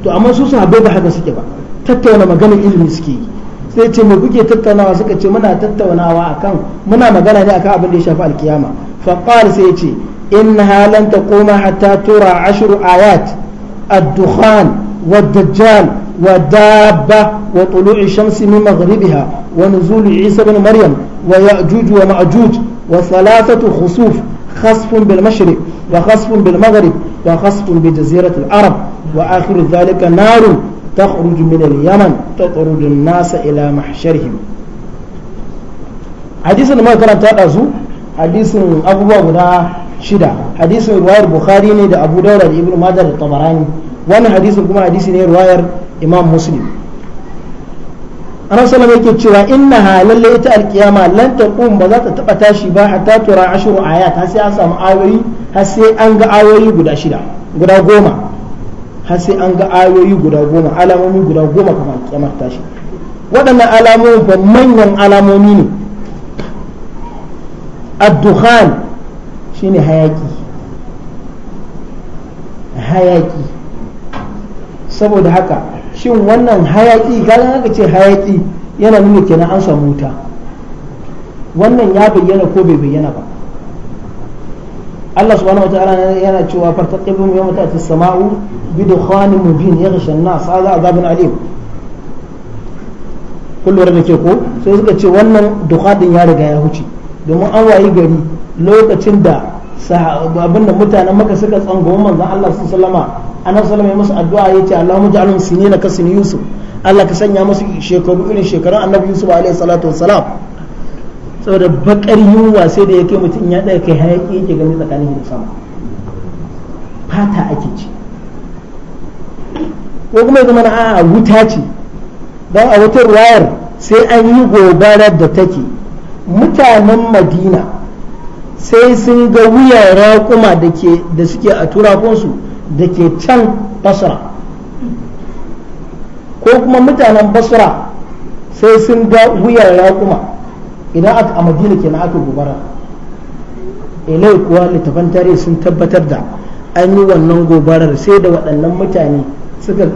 to amma su sun habai ba haka suke ba tattauna magana ilimi suke yi sai ce me kuke tattaunawa suka ce muna tattaunawa akan muna magana ne akan abin da ya shafi alkiyama fa qala sai ce innaha halanta taquma hatta tura ashru ayat ad-dukhan wad-dajjal ودابة وطلوع الشمس من مغربها ونزول عيسى بن مريم ويأجوج ومأجوج وثلاثة خسوف خسف بالمشرق وخسف بالمغرب وخسف بجزيرة العرب وآخر ذلك نار تخرج من اليمن تطرد الناس إلى محشرهم حديث ما كان تأذو حديث أبو أبو shida hadisin ruwayar bukhari ne da abu daura da ibnu majah da tabarani wannan hadisin kuma hadisi ne ruwayar imam muslim anan sallama yake cewa inna halalle ita alkiyama lan taqum ba za ta taba tashi ba hatta tura ashru ayat har sai an samu ayoyi har sai an ga ayoyi guda shida guda goma har sai an ga ayoyi guda goma alamomi guda goma kuma alkiyama ta tashi waɗannan alamomi ba manyan alamomi ne addukhan shine hayaki hayaki saboda haka shin wannan hayaƙi galan haka ce hayaƙi yana nuna kenan an samu wuta wannan ya bayyana ko bai bayyana ba Allah subhanahu wa ta'ala yana cewa fartaqibum yawma ta'ti as-sama'u bi dukhanin mubin yaghsha an-nas hadha adhabun alim kullu da ke ko sai suka ce wannan dukhanin ya riga ya huce domin an wayi gari lokacin da abin da mutanen maka suka tsangwama manzo Allah su sallama annabi sallama musu addu'a ya ce Allahumma ja'alun sinina ka sinin Yusuf Allah ka sanya musu shekaru irin shekarun annabi Yusuf alaihi salatu wassalam saboda bakar yunwa sai da yake mutum ya ɗaya kai hayaki yake gani tsakanin da sama fata ake ci ko kuma ya zama na a wuta ce don a wutar wayar sai an yi gobarar da take mutanen madina sai sun ga wuyan raƙuma da suke a turakunsu da ke can basra ko kuma mutanen basra sai sun ga wuyan raƙuma idan aka a madina ke na aka gobara ilai kuwa littafan tare sun tabbatar da an yi wannan gobarar sai da waɗannan mutane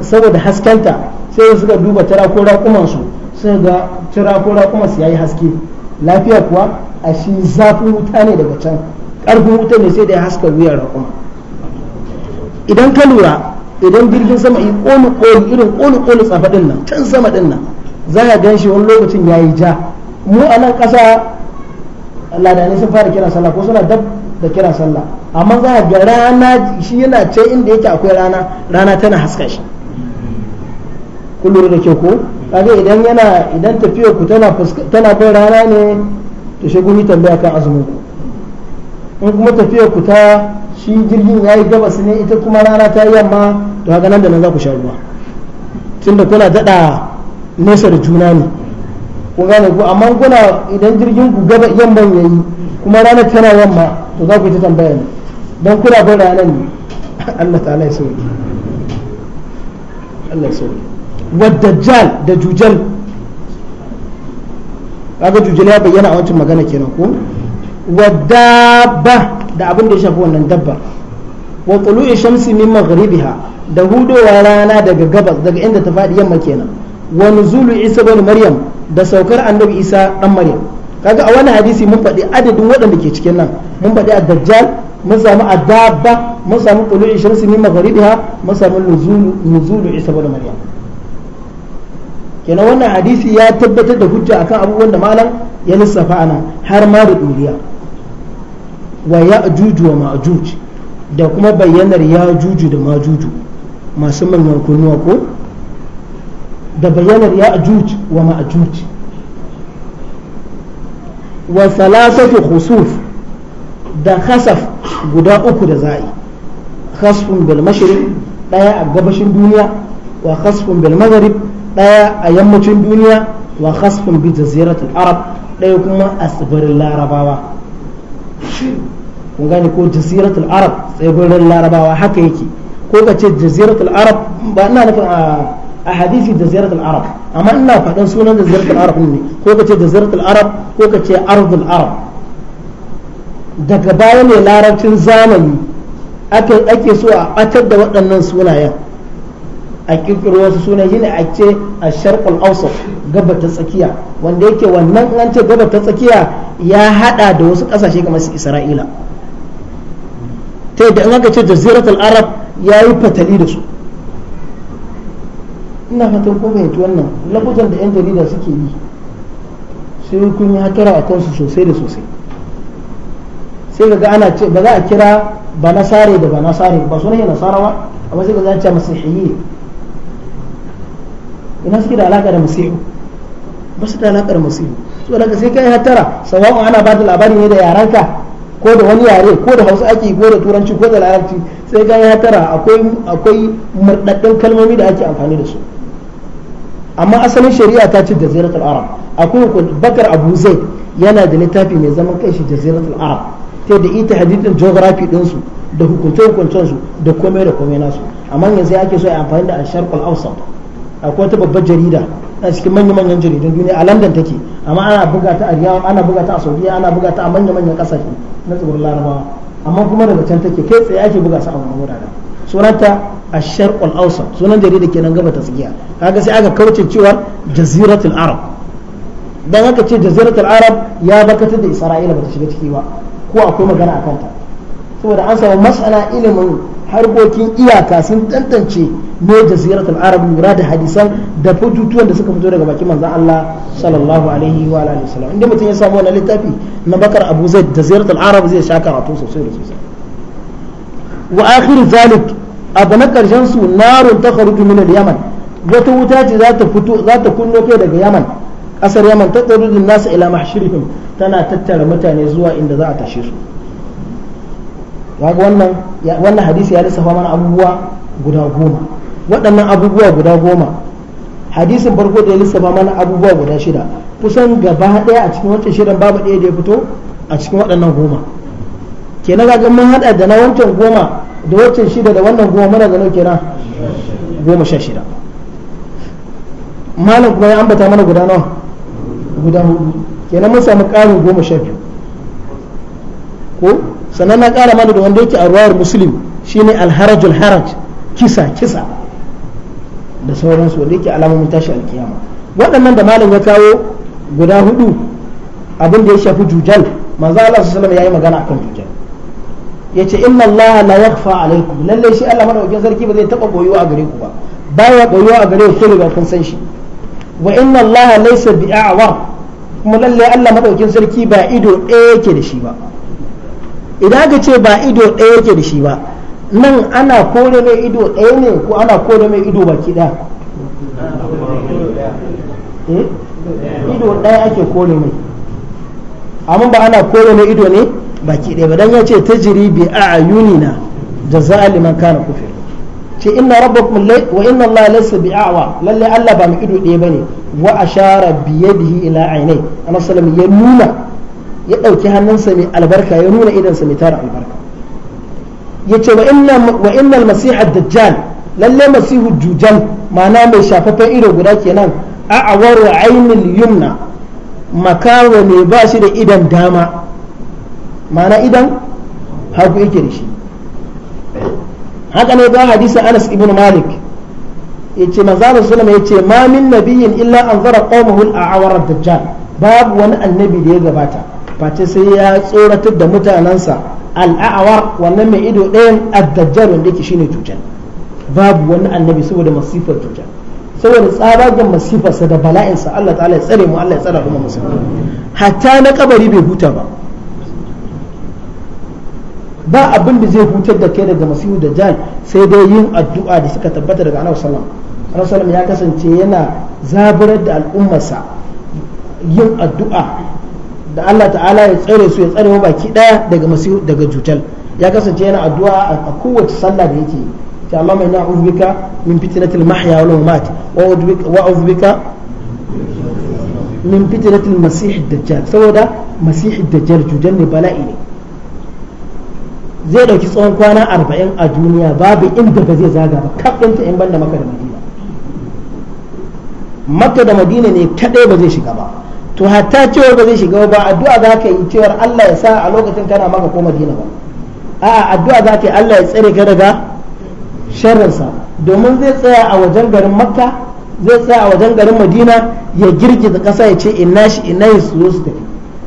saboda haskenta sai suka duba tara ko raƙumansu ga tara ko raƙumansu ya yi haske lafiya kuwa a shi zafin wuta ne daga can ƙarfin wuta ne sai da ya haska wuyar rakon idan ka lura idan jirgin sama yi ƙoli ƙoli irin ƙoli ƙoli tsafa ɗin nan can sama ɗin nan za ka gan shi wani lokacin ya yi ja mu a nan ƙasa ladani sun fara kiran sallah ko suna dab da kiran sallah amma za a ga rana shi yana ce inda yake akwai rana rana tana haska shi kullum da ke ko kaga idan yana idan tafiyar ku tana tana bin rana ne to shi kun yi tambaya kan azumin ku in kuma tafiyar ku ta shi jirgin ya yi gabas ne ita kuma rana ta yi yamma to haka nan da nan za ku sha ruwa tunda kuna daɗa nesa da juna ne ku gane ku amma kuna idan jirgin ku gaba yamman ya yi kuma rana tana yamma to za ku yi ta tambaya ne don kuna bin ranar ne Allah ta ya sauki Allah ya sauki wadda jal da jujal kaga jujjuna ya bayyana a wancan magana kenan ko wadabba da abin da ya shafi wannan dabba wa tulu'i shamsi min maghribiha da hudowa rana daga gabas daga inda ta fadi yamma kenan wa nuzulu isa bin maryam da saukar annabi isa dan maryam kaga a wani hadisi mun faɗi adadin waɗanda ke cikin nan mun faɗi a dajjal mun samu adabba mun samu tulu'i shamsi min maghribiha mun samu nuzulu nuzulu isa bin maryam kenan wannan hadisi ya tabbatar da hujja akan abubuwan da malam ya lissafa ana har ma da ɗuriya wa ya'juj wa ma'juj da kuma bayyanar ya'juj da ma'juj masu manyan kunnuwa ko da bayyanar ya'juj wa ma'juj wa salasatu khusuf da khasaf guda uku da za'i khasfun bil mashriq daya a gabashin duniya wa khasfun bil maghrib ɗaya a yammacin duniya wa khasfun bi jaziratul arab ɗaya kuma a tsibirin larabawa kun gane ko jaziratul arab tsibirin larabawa haka yake ko ka ce jaziratul arab ba ina nufin a hadisi jaziratul arab amma ina faɗin sunan jaziratul arab ne ko ka ce jaziratul arab ko ka ce ardul arab daga baya ne larabcin zamani ake so a ɓatar da waɗannan sunayen a kirkiro wasu suna shine a ce a sharkul awsat gabar ta tsakiya wanda yake wannan an ce gabar ta tsakiya ya hada da wasu kasashe kamar su isra'ila ta yadda in aka ce jaziratul arab ya yi fatali da su ina fatan ko fahimci wannan lafuzan da 'yan jarida suke yi sai kun yi hatara a kansu sosai da sosai sai ga ana ce ba za a kira ba nasare da ba nasare ba sunan nasara ba amma sai ga za a ce ina suke da alaka da musihu ba su da alakar musihu so daga sai kai hattara sawa'u ana ba da labari ne da yaranka ko da wani yare ko da hausa ake ko da turanci ko da larabci sai kai hattara akwai akwai murdaddin kalmomi da ake amfani da su amma asalin shari'a ta ce jaziratul arab akwai bakar abu zaid yana da littafi mai zaman kanshi jaziratul arab ta da ita hadidin geography su da hukunce hukuncen su da komai da komai nasu amma yanzu ake so a amfani da al-sharq al-awsat akwai wata babbar jarida a cikin manya-manyan jaridun duniya a london take amma ana buga ta a riyawa ana buga ta a saudiya ana buga ta a manya-manyan kasashe na tsibirin larabawa amma kuma daga can take kai tsaye ake buga su a wani wuraren sunanta ash-sharq awsat sunan jarida kenan gaba ta tsakiya kaga sai aka kauce cewa jaziratul arab dan haka ce jaziratul arab ya bakatar da isra'ila bata shiga ciki ba ko akwai magana akan ta saboda an samu mas'ala ilimin harkokin iyaka sun tantance ne jaziratul arab lura da hadisan da fututuwan da suka fito daga bakin manzon Allah sallallahu alaihi wa alihi wasallam inda mutum ya samu wannan littafi na bakar abu zaid ziyartar arab zai sha karatu sosai da sosai wa akhir zalik abu na karshen su narun ta kharuju min al-yaman wata wuta ce za ta fito za ta kunno kai daga yaman kasar yaman ta tsarudu nasu ila mahshirihim tana tattara mutane zuwa inda za a tashe su wannan wannan hadisi ya lissafa mana abubuwa guda goma waɗannan abubuwa guda goma hadisin farko da ya lissafa mana abubuwa guda shida kusan gaba ɗaya a cikin wancan shirin babu ɗaya da ya fito a cikin waɗannan goma kenan kaga mun haɗa da na wancan goma da wancan shida da wannan goma muna da ke kenan goma sha shida malam kuma ya ambata mana guda nawa guda hudu kenan mun samu ƙarin goma sha biyu ko sannan na kara mana da wanda yake a ruwayar muslim shine alharajul haraj kisa kisa da sauransu wanda yake alamomin tashi alkiyama waɗannan da malam ya kawo guda hudu abin da ya shafi jujal manzo Allah sallallahu ya yi magana akan jujal yace inna Allah la yakhfa alaikum lalle shi Allah madaukakin sarki ba zai taba boyuwa a gare ku ba baya boyuwa a gare ku ba kun san shi wa inna Allah laysa bi'awar kuma lalle Allah madaukakin sarki ba ido ɗaya yake da shi ba idan aka ce ba ido ɗaya yake da shi ba nan ana kore mai ido ɗaya ne ko ana kore mai ido baki ɗaya eh? ido ɗaya ake kore mai amma ba ana kore mai ido ne baki ɗaya ba dan ya ce ta jiri bi a ayunina jaza'a liman kana kufir ce inna rabbakum wa inna allaha laysa bi'awa lalle Allah ba mai ido ɗaya bane wa ashara bi yadihi ila aynai annabi sallallahu alaihi wasallam ya nuna ya ɗauki hannunsa mai albarka ya nuna idansa mai tara albarka ya ce wa innal masiha dajjal lalle masihu jujal ma'ana mai shafaffen ido guda kenan a awaru ainul yumna makawa mai ba shi da idan dama ma'ana idan hagu yake da shi haka ne ba hadisa anas ibn malik ya ce maza da ya ce ma min nabiyin illa an zara qawmahul a awarar dajjal babu wani annabi da ya gabata face sai ya tsoratar da mutanensa al'a'awar wannan mai ido ɗayan addajjar wanda yake shine cutar babu wani annabi saboda masifar cutar saboda tsabagen masifarsa da bala'insa Allah ta'ala ya tsare mu Allah ya tsara kuma musulmi hatta na kabari bai huta ba ba abin da zai hutar da kai daga masihu da jan sai dai yin addu'a da suka tabbata daga annabi sallallahu alaihi wasallam ya kasance yana zaburar da al'ummarsa yin addu'a da Allah ta'ala ya tsare su ya tsare mu baki daya daga masu daga jutal ya kasance yana addu'a a kowace sallah da yake ta Allah mai na'udhu bika min fitnatil mahya wal mamat wa a'udhu bika min fitnatil masih dajjal saboda masih dajjal jutal ne bala'i ne zai dauki tsawon kwana 40 a duniya babu inda ba zai zaga ba kafin ta in banda maka da madina makka da madina ne kadai ba zai shiga ba to hatta cewar ba zai shiga ba addu'a za ka yi cewar Allah ya sa a lokacin kana maka ko madina ba a'a addu'a za ka yi Allah ya tsare ka daga sharrinsa domin zai tsaya a wajen garin makka zai tsaya a wajen garin madina ya girgiza ƙasa ya ce inna shi inna yi su zo su tafi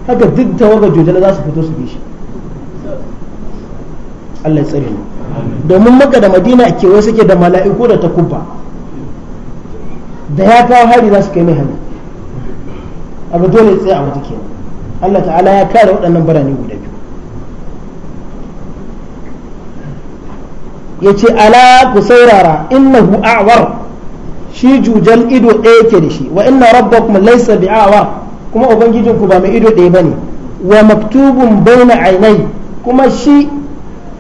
haka duk tawaga jojala za su fito su bi shi Allah ya tsare mu domin maka da madina wai suke da mala'iku da takubba da ya kawo hari za su kai mai hari kaga dole sai a wata kenan Allah ta'ala ya kare waɗannan birane guda biyu ya ce ala ku saurara innahu a'war shi jujal ido ɗaya ke da shi wa inna laisa bi a'war kuma ubangijinku ba mai ido ɗaya bane wa maktubun baina ainai kuma shi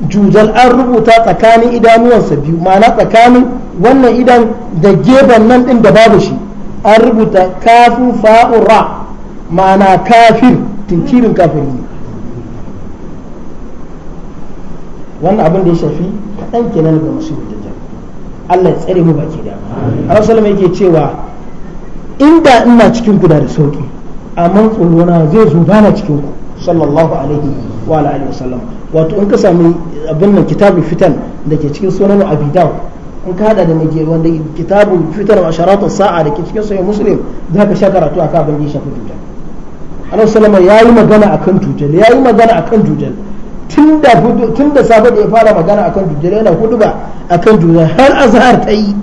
jujal an rubuta tsakanin idanuwansa biyu ma'ana tsakanin wannan idan da gefen nan ɗin da babu shi an rubuta kafin fa'ura ma'ana kafir tinkirin kafiri ne wannan abin da ya shafi kaɗan kenan daga musu dajjal Allah ya tsare mu baki da Allah sallama yake cewa inda ina cikin ku da da sauki amma tsoro zai zo bana cikin ku sallallahu alaihi wa alihi wasallam wato in ka sami abin nan kitabul fitan da ke cikin sunan abi in ka hada da mai wanda kitabul fitan wa sharatu sa'a da ke cikin sahih muslim zaka sha karatu akan abin da ya shafi dajjal alaihi ya yi magana akan dujal ya yi magana akan dujal tun da safe da ya fara magana akan dujal yana a akan dujal har azhar ta yi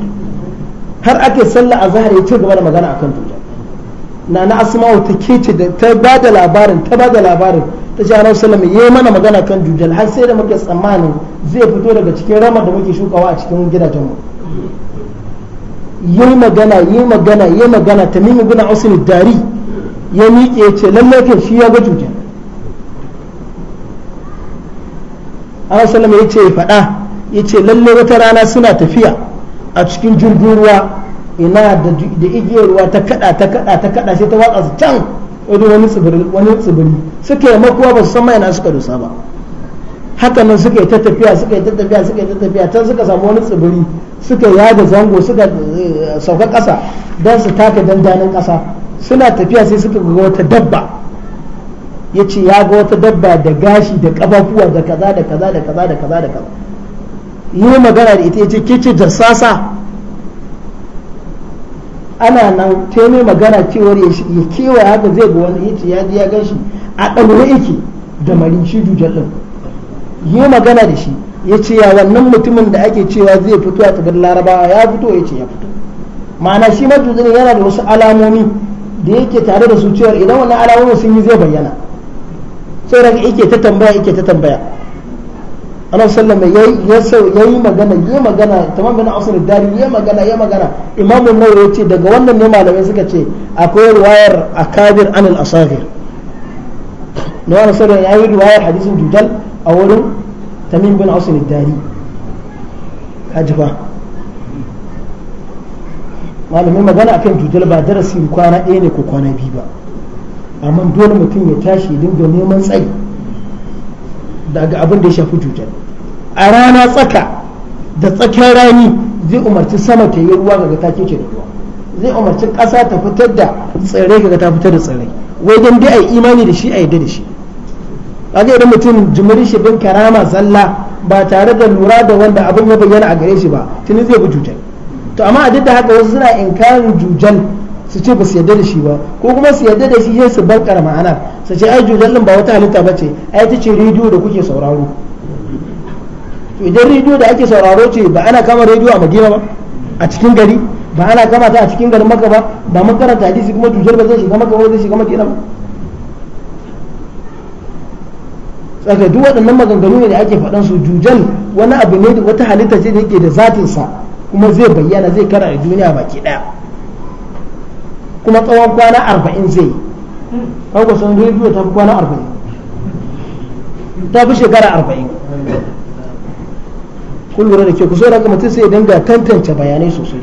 har ake sallah azhar ya ci gaba da magana akan dujal na na asma'u ta kece da ta ba da labarin ta ba da labarin ta ce alaihi ya yi mana magana kan dujal har sai da muke tsammanin zai fito daga cikin ramar da muke shukawa a cikin gidajenmu yi magana yi magana yi magana ta mimi bin usul dari ya miƙe ce lalle kan shi ya ga cuta Allah sallama ya ce faɗa ya ce lalle wata rana suna tafiya a cikin jirgin ruwa ina da igiyar ruwa ta kaɗa ta kaɗa ta kaɗa sai ta watsa su can wani tsibiri wani tsibiri suka yi makuwa ba su san mayana suka dosa ba haka nan suka yi ta tafiya suka yi ta tafiya suka yi ta tafiya can suka samu wani tsibiri suka yada zango suka eh, sauka ƙasa don su taka dandanin ƙasa suna tafiya sai suka ga wata dabba ya ce ya ga wata dabba da gashi da kafafuwa da kaza da kaza da kaza da kaza da kaza yi magana da ita ya ce ke ce jarsasa ana nan ta yi magana cewar ya kewaye haka zai ga wani ya ce ya ji ya gan shi a ɗaure yake da marin shi ɗin yi magana da shi ya ce ya wannan mutumin da ake cewa zai fito a tsibirin larabawa ya fito ya ce ya fito ma'ana shi majuzin yana da wasu alamomi da yake tare da su cewar idan wannan alamomin sun yi zai bayyana sai daga yake ta tambaya yake ta tambaya ana sallama ya yi yayi magana ya magana tamam bin asr dari ya magana ya magana imamu nawawi ce daga wannan ne malamai suka ce akwai ruwayar akabir anil asagir da wani sauran ya yi ruwayar hadisin dujal a wurin tamim bin asr dari kaji malamin magana akan cutar ba darasin kwana ɗaya ne ko kwana biyu ba amma dole mutum ya tashi dinga neman tsayi daga abin da ya shafi cutar a rana tsaka da tsakiyar rani zai umarci sama ta yi ruwa ga ta kece da ruwa zai umarci ƙasa ta fitar da tsirrai ga ta fitar da tsirrai wai dan dai ai imani da shi a yadda da shi kaga idan mutum jimirin shi bin karama zalla ba tare da lura da wanda abin ya bayyana a gare shi ba tuni zai bi cutar to amma a duk da haka wasu suna inkarin jujal su ce ba su yarda da shi ba ko kuma su yarda da shi sai su bankar ma'ana su ce ai din ba wata halitta ba ce ai ta ce rediyo da kuke sauraro to idan rediyo da ake sauraro ce ba ana kama rediyo a madina ba a cikin gari ba ana kama ta a cikin garin maka ba ba makaranta hadisi kuma jujal ba zai shiga maka ba zai shiga madina ba saka duk waɗannan maganganu ne da ake faɗan su jujal wani abu ne da wata halitta ce da yake da zatinsa kuma zai bayyana zai kara a duniya baki daya kuma tsawon kwana arba'in zai yi kawo sun rediyo ta fi kwana arba'in ta fi shekara arba'in kun lura da ke ku da mutum sai ga tantance bayanai sosai da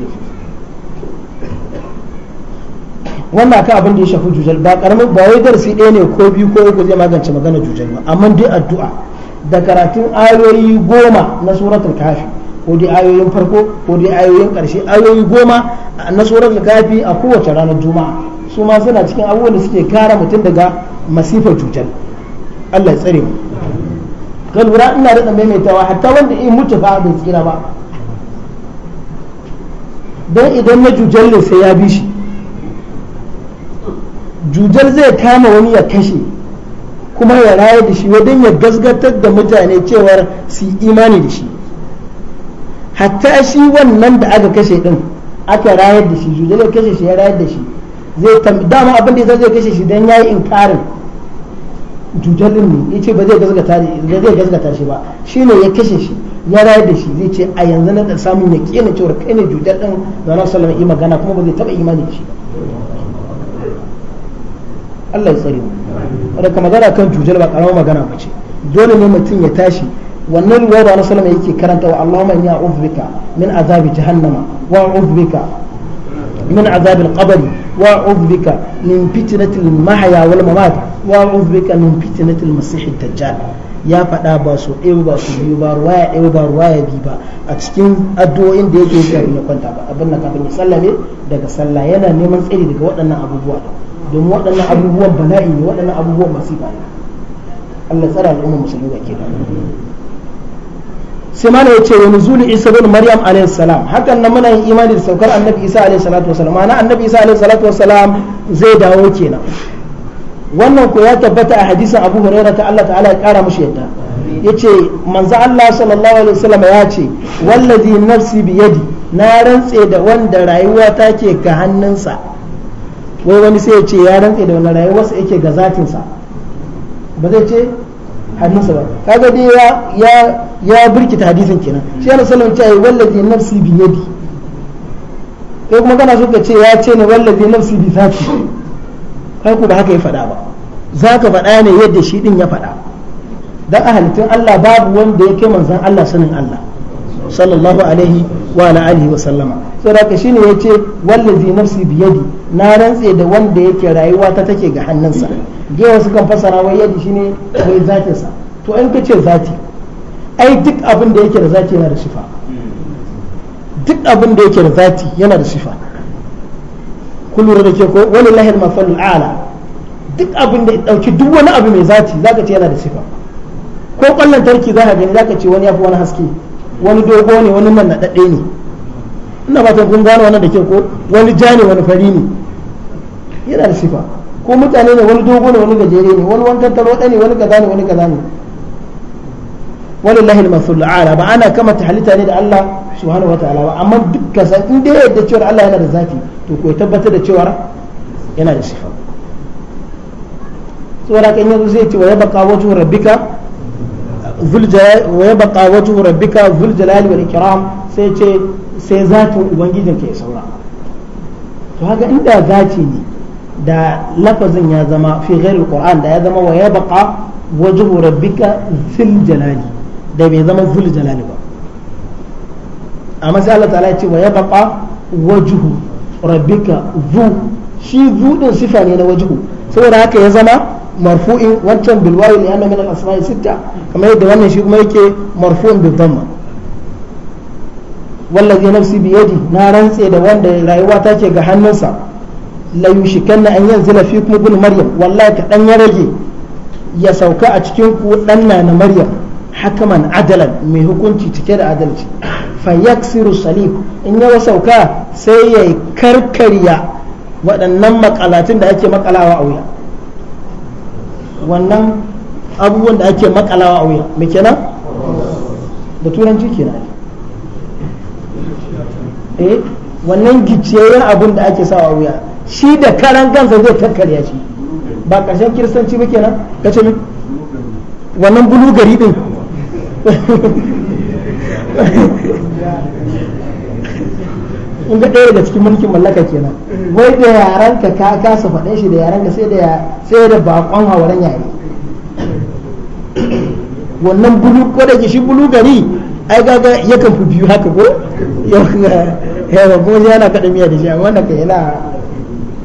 wannan ka abin da ya shafi jujal ba karamin ba wai darasi ɗaya ne ko biyu ko uku zai magance magana jujal ba amma dai addu'a da karatun ayoyi goma na suratul kafi ko dai ayoyin farko ko dai ayoyin karshe ayoyi goma na tsoron kafi a kowace ranar juma'a su ma suna cikin abubuwan da suke kare mutum daga masifar cutar Allah tsare mu ka lura ina da maimaitawa hatta wanda in mutu ba bai tsira ba don idan na jujal sai ya bi shi jujal zai kama wani ya kashe kuma ya raya da shi wajen ya gasgatar da mutane cewar su imani da shi hatta shi wannan da aka kashe din aka rayar da shi zai kashe shi ya rayar da shi zai tambi dama abin da zai kashe shi dan yayi inkarin jujalin ne ya ce ba zai gazgata ba zai gazgata shi ba shine ya kashe shi ya rayar da shi zai ce a yanzu na da samun ya kiyana cewa kai ne jujal din da na sallama yi magana kuma ba zai taba imani da shi Allah ya tsare mu kada magana kan jujal ba karamar magana ba ce dole ne mutum ya tashi wannan ruwaya da rasulullah yake karanta wa allahumma inni a'udhu bika min azabi jahannama wa a'udhu bika من عذاب القبر وأعوذ بك من فتنة المحيا والممات وأعوذ بك من فتنة المسيح الدجال ya faɗa ba su ɗaya ba su biyu ba ruwaya ɗaya ba ruwaya biyu ba a cikin addu'o'in da yake kafin ya kwanta ba abin da kafin ya sallame daga sallah yana neman tsari daga waɗannan abubuwa domin waɗannan abubuwan bala'i ne waɗannan abubuwan masifa ne Allah tsara al'ummar musulmi ba ke da sai mana ya ce wa nuzuli isa bin maryam alayhi salam hakan nan muna yin imani da saukar annabi isa alayhi salatu wasalam ma'ana annabi isa alayhi salatu zai dawo kenan wannan ko ya tabbata a hadisin abu hurairah ta Allah ta'ala ya kara mushi yadda yace manzo Allah sallallahu alaihi wasallam ya ce wallazi nafsi biyadi na rantse da wanda rayuwa ta ke ga hannunsa wai wani sai ya ce ya rantse da wanda rayuwarsa yake ga zatinsa ba zai ce hadisa ba kaga dai ya ya ya burkita hadisin kenan shi ya sallallahu alaihi wasallam ce wallazi nafsi bi yadi kai kuma kana so ka ce ya ce ne wallazi nafsi bi zati kai ku ba haka ya faɗa ba zaka faɗa ne yadda shi din ya faɗa dan a halittun Allah babu wanda ya kai manzon Allah sanin Allah sallallahu alaihi wa ala alihi wa sallama saboda haka shine yace wallazi nafsi biyadi na rantse da wanda yake rayuwa ta take ga hannunsa gewa sukan fasara wai yadi shine wai zatin sa to in kace zati ai duk abin da yake da zati yana da sifa duk abin da yake da zati yana da sifa kun lura da ke ko walillahi al-mafalul a'la duk abin da dauki duk wani abu mai zati zaka ce yana da sifa ko kwallon tarki za ka gani zaka ce wani ya fi wani haske wani dogo ne wani mannaɗaɗɗe ne ina ba ta kun gane wannan da ke ko wani ja ne wani fari ne yana da sifa ko mutane ne wani dogo ne wani gajere ne wani wani tarwaɗa ɗani wani kaza ne wani kaza ne wani lahil masu ala ba ana kama ta halitta ne da Allah subhanahu wata ba amma dukkan san in dai yadda cewa Allah yana da zafi to ko tabbatar da cewa yana da sifa saboda kan yanzu zai ce wa yabqa wajhu rabbika ويبقى وجه ربك ذو الجلال والإكرام سيتي sai zatin da ke saura to haka inda ce ne da lafazin ya zama fi ghairil qur'an da ya zama wa ya baqa wajhu rabbika fil jalali da bai zama fil jalali ba amma sai Allah ta'ala ya ce wa ya baqa wajhu rabbika zu shi zu din sifa ne na wajhu da haka ya zama marfu'in wancan bilwayo ne li min al asma'i sitta kamar yadda wannan shi kuma yake marfu'in bil dhamma wallazi nafsi bi yadi na rantse da wanda rayuwa take ga hannunsa la yushikanna an yanzila fikum ibn maryam wallahi ka dan ya rage ya sauka a cikin ku dan na maryam hakaman adalan mai hukunci cike da adalci fa yaksiru salib in ya sauka sai ya karkarya waɗannan makalatun da ake makalawa a wuya wannan abubuwan da ake makalawa a wuya mai kenan da turanci kenan eh wannan gicciyayen abun da ake sawa a wuya shi da karan kansa zai kakkarya shi ba ƙarshen kiristanci ba kenan ka min wannan bulu gari din [LAUGHS] in ga ɗaya daga cikin mulkin mallaka kenan wai da yaran ka ka kasa faɗe shi da yaran ka sai da sai da bakon hawaran yare wannan bulu ko da shi bulu gari ai gaga yakan fi biyu haka ko yawa ko yana kaɗa miya da shi amma wannan ka yana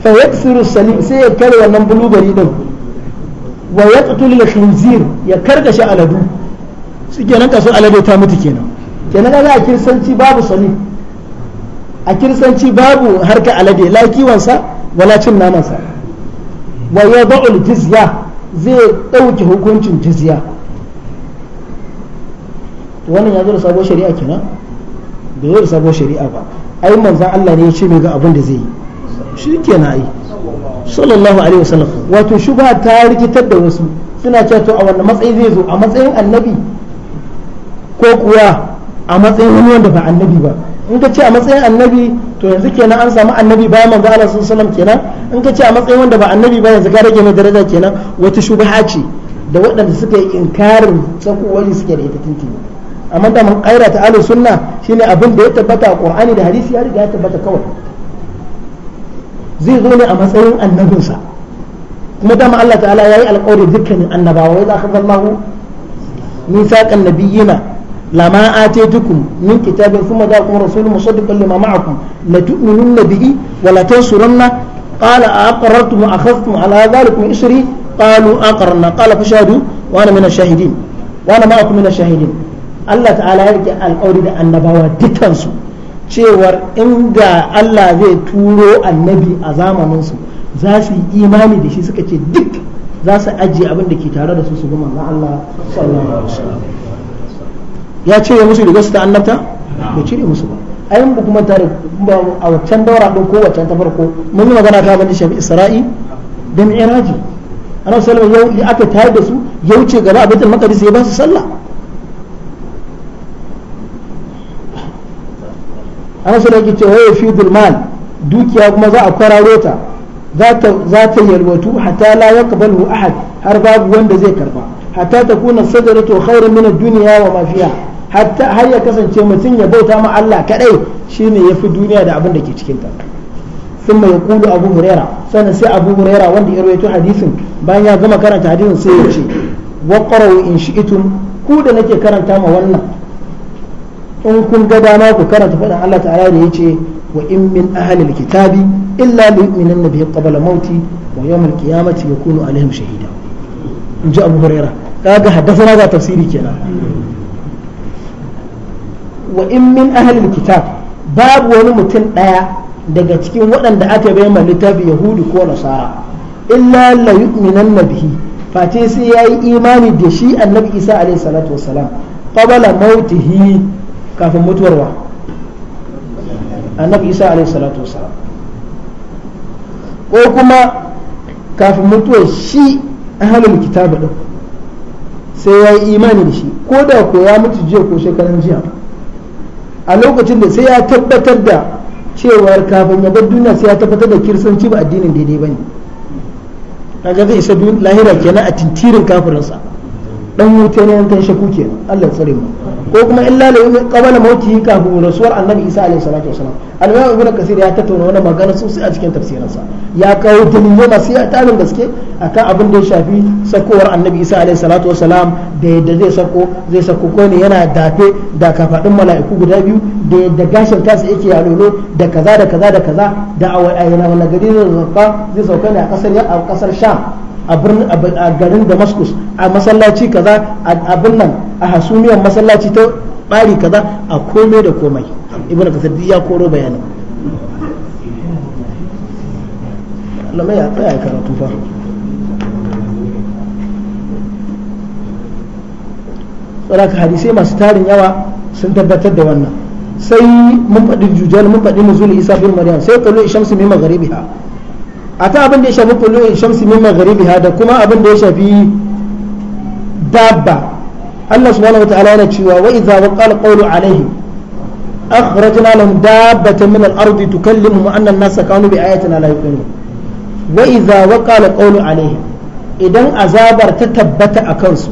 fa yaksiru salim sai ya kare wannan bulu gari ɗin wa yaqtul khinzir ya shi aladu su kenan kaso alade ta mutu kenan kenan ana kirsanci babu salim a kirsanci babu harka alade la kiwansa wala cin namansa wa ya ba'ul jizya zai ɗauke hukuncin jizya wannan ya zo da sabon shari'a kenan bai zo da sabon shari'a ba ai manzan Allah ne ya ce mai ga abin da zai yi shi kenan ai sallallahu alaihi wasallam wato shubha ta rikitar da wasu suna cewa to a wannan matsayi zai zo a matsayin annabi ko kuwa a matsayin wani wanda ba annabi ba in ka ce a matsayin annabi to yanzu kenan an samu annabi bayan manzo Allah sallallahu alaihi kenan in ka ce a matsayin wanda ba annabi ba yanzu ka rage mai daraja kenan wata shubha ce da waɗanda suka yi inkarin wani suke da ita tuntuni amma da mun kaira ta alu sunna shine abin da ya tabbata a qur'ani da hadisi ya riga ya tabbata kawai zai zo ne a matsayin annabinsa kuma dama Allah ta'ala ya yi alƙawari dukkanin annabawa wa ka akhadha ni saƙan nabiyyina lama ate dukum min kitabin kuma da kuma rasulun musaddiqan lima ma'akum la tu'minuna bihi wa la tansuruna qala aqrartum wa akhaftum ala dhalikum isri qalu aqarna qala fashadu wa ana min ash-shahidin wa ana ma'akum min ash-shahidin Allah ta'ala yake rike alƙawari da annabawa dukkan su cewar inda Allah zai turo annabi a zamaninsu su za su yi imani da shi suka ce duk za su ajiye abinda ke tare da su su ga manzo Allah sallallahu alaihi wasallam ya cire musu rigar su ta annabta bai cire musu ba ayin ba kuma tare a wancan daura din ko wancan ta farko mun yi magana ta bani shafi isra'i da mi'raji annabi sallallahu alaihi wasallam aka tayar da su ya wuce gaba a baitul maqdis ya ba su sallah annabi sallallahu alaihi wasallam ya ce fi mal dukiya kuma za a kwararo ta za ta yalwatu hatta la yaqbalu ahad har babu wanda zai karba hatta takuna sadaratu khairan min ad-dunya wa ma fiha hatta har ya kasance mutum ya bauta ma Allah kadai shine fi duniya da abin da ke cikin ta sun mai kulu abu huraira sannan sai abu huraira wanda ya rawaito hadisin bayan ya gama karanta hadisin sai ya ce wa qara'u in shi'tum ku da nake karanta ma wannan in kun ga dama ku karanta faɗin Allah ta'ala da yace wa in min ahlil kitabi illa li yu'minanna bihi qabla mauti wa yawm al-qiyamati yakunu alaihim shahida in ji abu huraira kaga na ga tafsiri kenan wa in min ahalin kitab babu wani mutum daya daga cikin waɗanda aka bai ma littafi yahudu ko nasara illa la yu'minanna bihi face sai yayi imani da shi annabi isa alaihi salatu wassalam qabala mautihi kafin mutuwarwa annabi isa alaihi salatu wassalam ko kuma kafin mutuwar shi ahlul kitab din sai yayi imani da shi ko da ko ya mutu jiya ko shekaran jiya a lokacin da sai ya tabbatar da cewar kafin ya bar duniya sai ya tabbatar da kiristanci ba addinin daidai ne. kaga zai isa lahira kenan a tintirin kafirinsa dan wuce ne yankan shaku ke Allah tsare mu ko kuma illa la yumi qabala mauti kafin rasuwar annabi Isa alaihi salatu wasalam al-Imam Ibn Kathir ya tattauna wannan magana sosai a cikin tafsirinsa ya kawo dalilai masu ya tarin gaske akan abin da ya shafi sakowar annabi Isa alaihi salatu wasalam da yadda zai sako zai sako ko ne yana dafe da kafadin mala'iku guda biyu da yadda gashin kansa yake yalolo da kaza da kaza da kaza da a wani gari zai sauka zai sauka ne a kasar a kasar Sham a garin damascus a masallaci kaza a abin nan a hasumiyar masallaci ta bari kaza a komai da komai ibn kasar ya koro bayanin lamai ya tsaya karatu fa tsoraka hadisai masu tarin yawa sun tabbatar da wannan sai mun faɗi jujjani mun faɗi nuzul isa bin maryam sai kallo ishamsu mai ha ata abin da ya shafi tulu'in shamsi min magharibiha da kuma abin da ya shafi dabba Allah subhanahu wa ta'ala yana cewa wa idza waqala qawlu alaihim akhrajna lahum dabbatan min al-ardi tukallimuhum anna an-nasa kanu bi ayatina la wa idza waqala qawlu idan azabar ta tabbata a kansu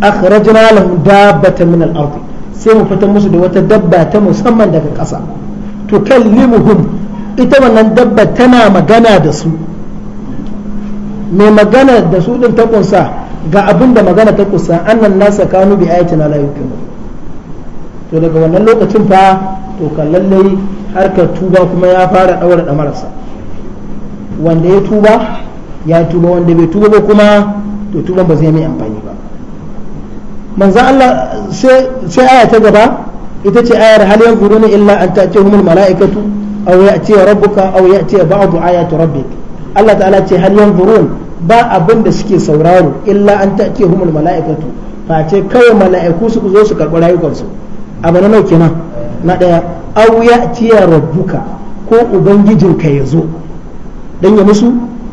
akhrajna lahum dabbatan min al-ardi sai mu fitar musu da wata dabba ta musamman daga ƙasa tukallimuhum ita wannan dabba tana magana da su mai magana da su din ta kunsa ga abin da magana ta kunsa annan nasa kanu bi ayatin ala yukinu to daga wannan lokacin fa to kallallai harkar tuba kuma ya fara daura marasa wanda ya tuba ya tuba wanda bai tuba ba kuma to tuban ba zai mai amfani ba manzan Allah sai aya ta gaba ita ce ayar hal yanzuruna illa an ta'tihumul mala'ikatu aw ya'ti rabbuka aw ya'ti ba'du ayati rabbik Allah ta'ala ce har yanzurun ba abin da suke sauraro illa an humul mala'ikatu fa ce kawai mala'iku su zo su karɓi rayukansu abu na nau kenan na daya aw ya'ti rabbuka ko ubangijin ka yazo dan ya musu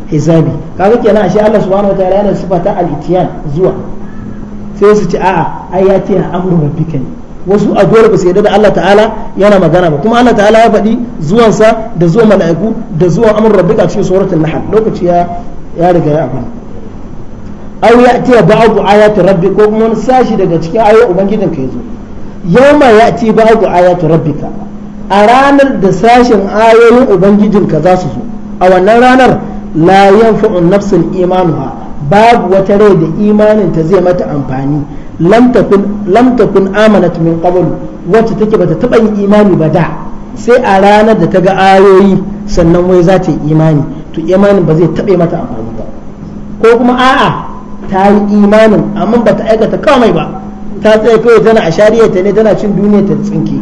hisabi kaga kenan ashe Allah subhanahu wataala yana sifata al-itiyan zuwa sai su ci a'a ai ya tiya amru rabbika wasu a dole ba su yarda da Allah ta'ala yana magana ba kuma Allah ta'ala ya faɗi zuwansa da zuwan mala'iku da zuwan amr rabbika cikin suratul nahl lokaci ya ya riga ya abin aw ya'ti ba'du ayati rabbi ko kuma sashi daga cikin ayoyin ubangijin ka yazo yawma ya'ti ba'du ayati rabbika a ranar da sashin ayoyin ubangijin ka za su zo a wannan ranar la yanfa'u nafsin imanuha babu wata rai da imanin ta zai mata amfani lam takun lam takun amanat min qabl wacce take bata taba yin imani ba da sai a ranar da ta ga ayoyi sannan wai za ta yi imani to imanin ba zai taɓe mata amfani ba ko kuma a'a ta yi imanin amma ba ta aikata komai ba ta tsaya kawai tana a shariyarta ne tana cin duniya ta tsinki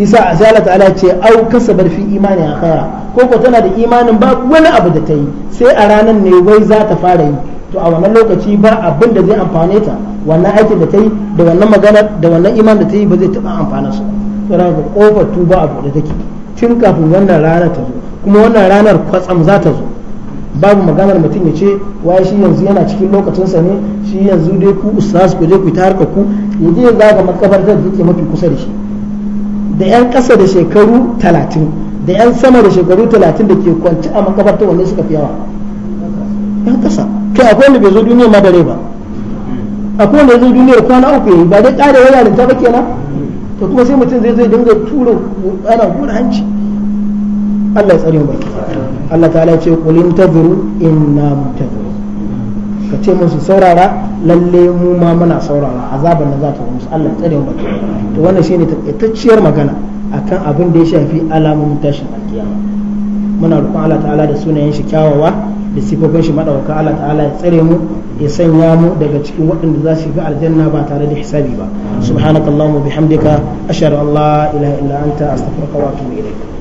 isa a sai ce au kasabar fi imani a kaya. ko ko tana da imanin ba wani abu da ta yi sai a ranar ne wai za ta fara yi to a wannan lokaci ba abin da zai amfane ta wannan aikin da ta yi da wannan magana da wannan iman da ta yi ba zai taɓa amfana su ga kofar tuba a buɗe take tun kafin wannan ranar ta zo kuma wannan ranar kwatsam za ta zo babu maganar mutum ya ce wai shi yanzu yana cikin lokacin sa ne shi yanzu dai ku ustaz ku je ku ta harka ku ya je zaga makabar da take mafi kusa da shi da yan ƙasa da shekaru talatin da yan sama da shekaru talatin da ke kwanci a ta wanne suka fi yawa yan ƙasa to akwai wanda bai zo duniya ma da rai ba akwai wanda ya duniya duniyar kwana uku ba dai ƙara yana da ba kenan to kuma sai mutum zai zai dinga tura ana gura hanci Allah ya tsare mu baki Allah ta'ala ce qul intazuru inna muntazirun ka ce musu saurara lalle mu ma muna saurara azaban nan za ta musu Allah ya tsare mu baki to wannan shine takaitacciyar magana akan abin da ya shafi alamun tashin alkiyama muna roƙon Allah ta'ala da sunayen shi kyawawa da sifofin shi madawaka Allah ta'ala ya tsare mu ya sanya mu daga cikin waɗanda za su shiga aljanna ba tare da hisabi ba subhanakallahumma bihamdika ashhadu an la ilaha illa anta astaghfiruka wa atubu ilaik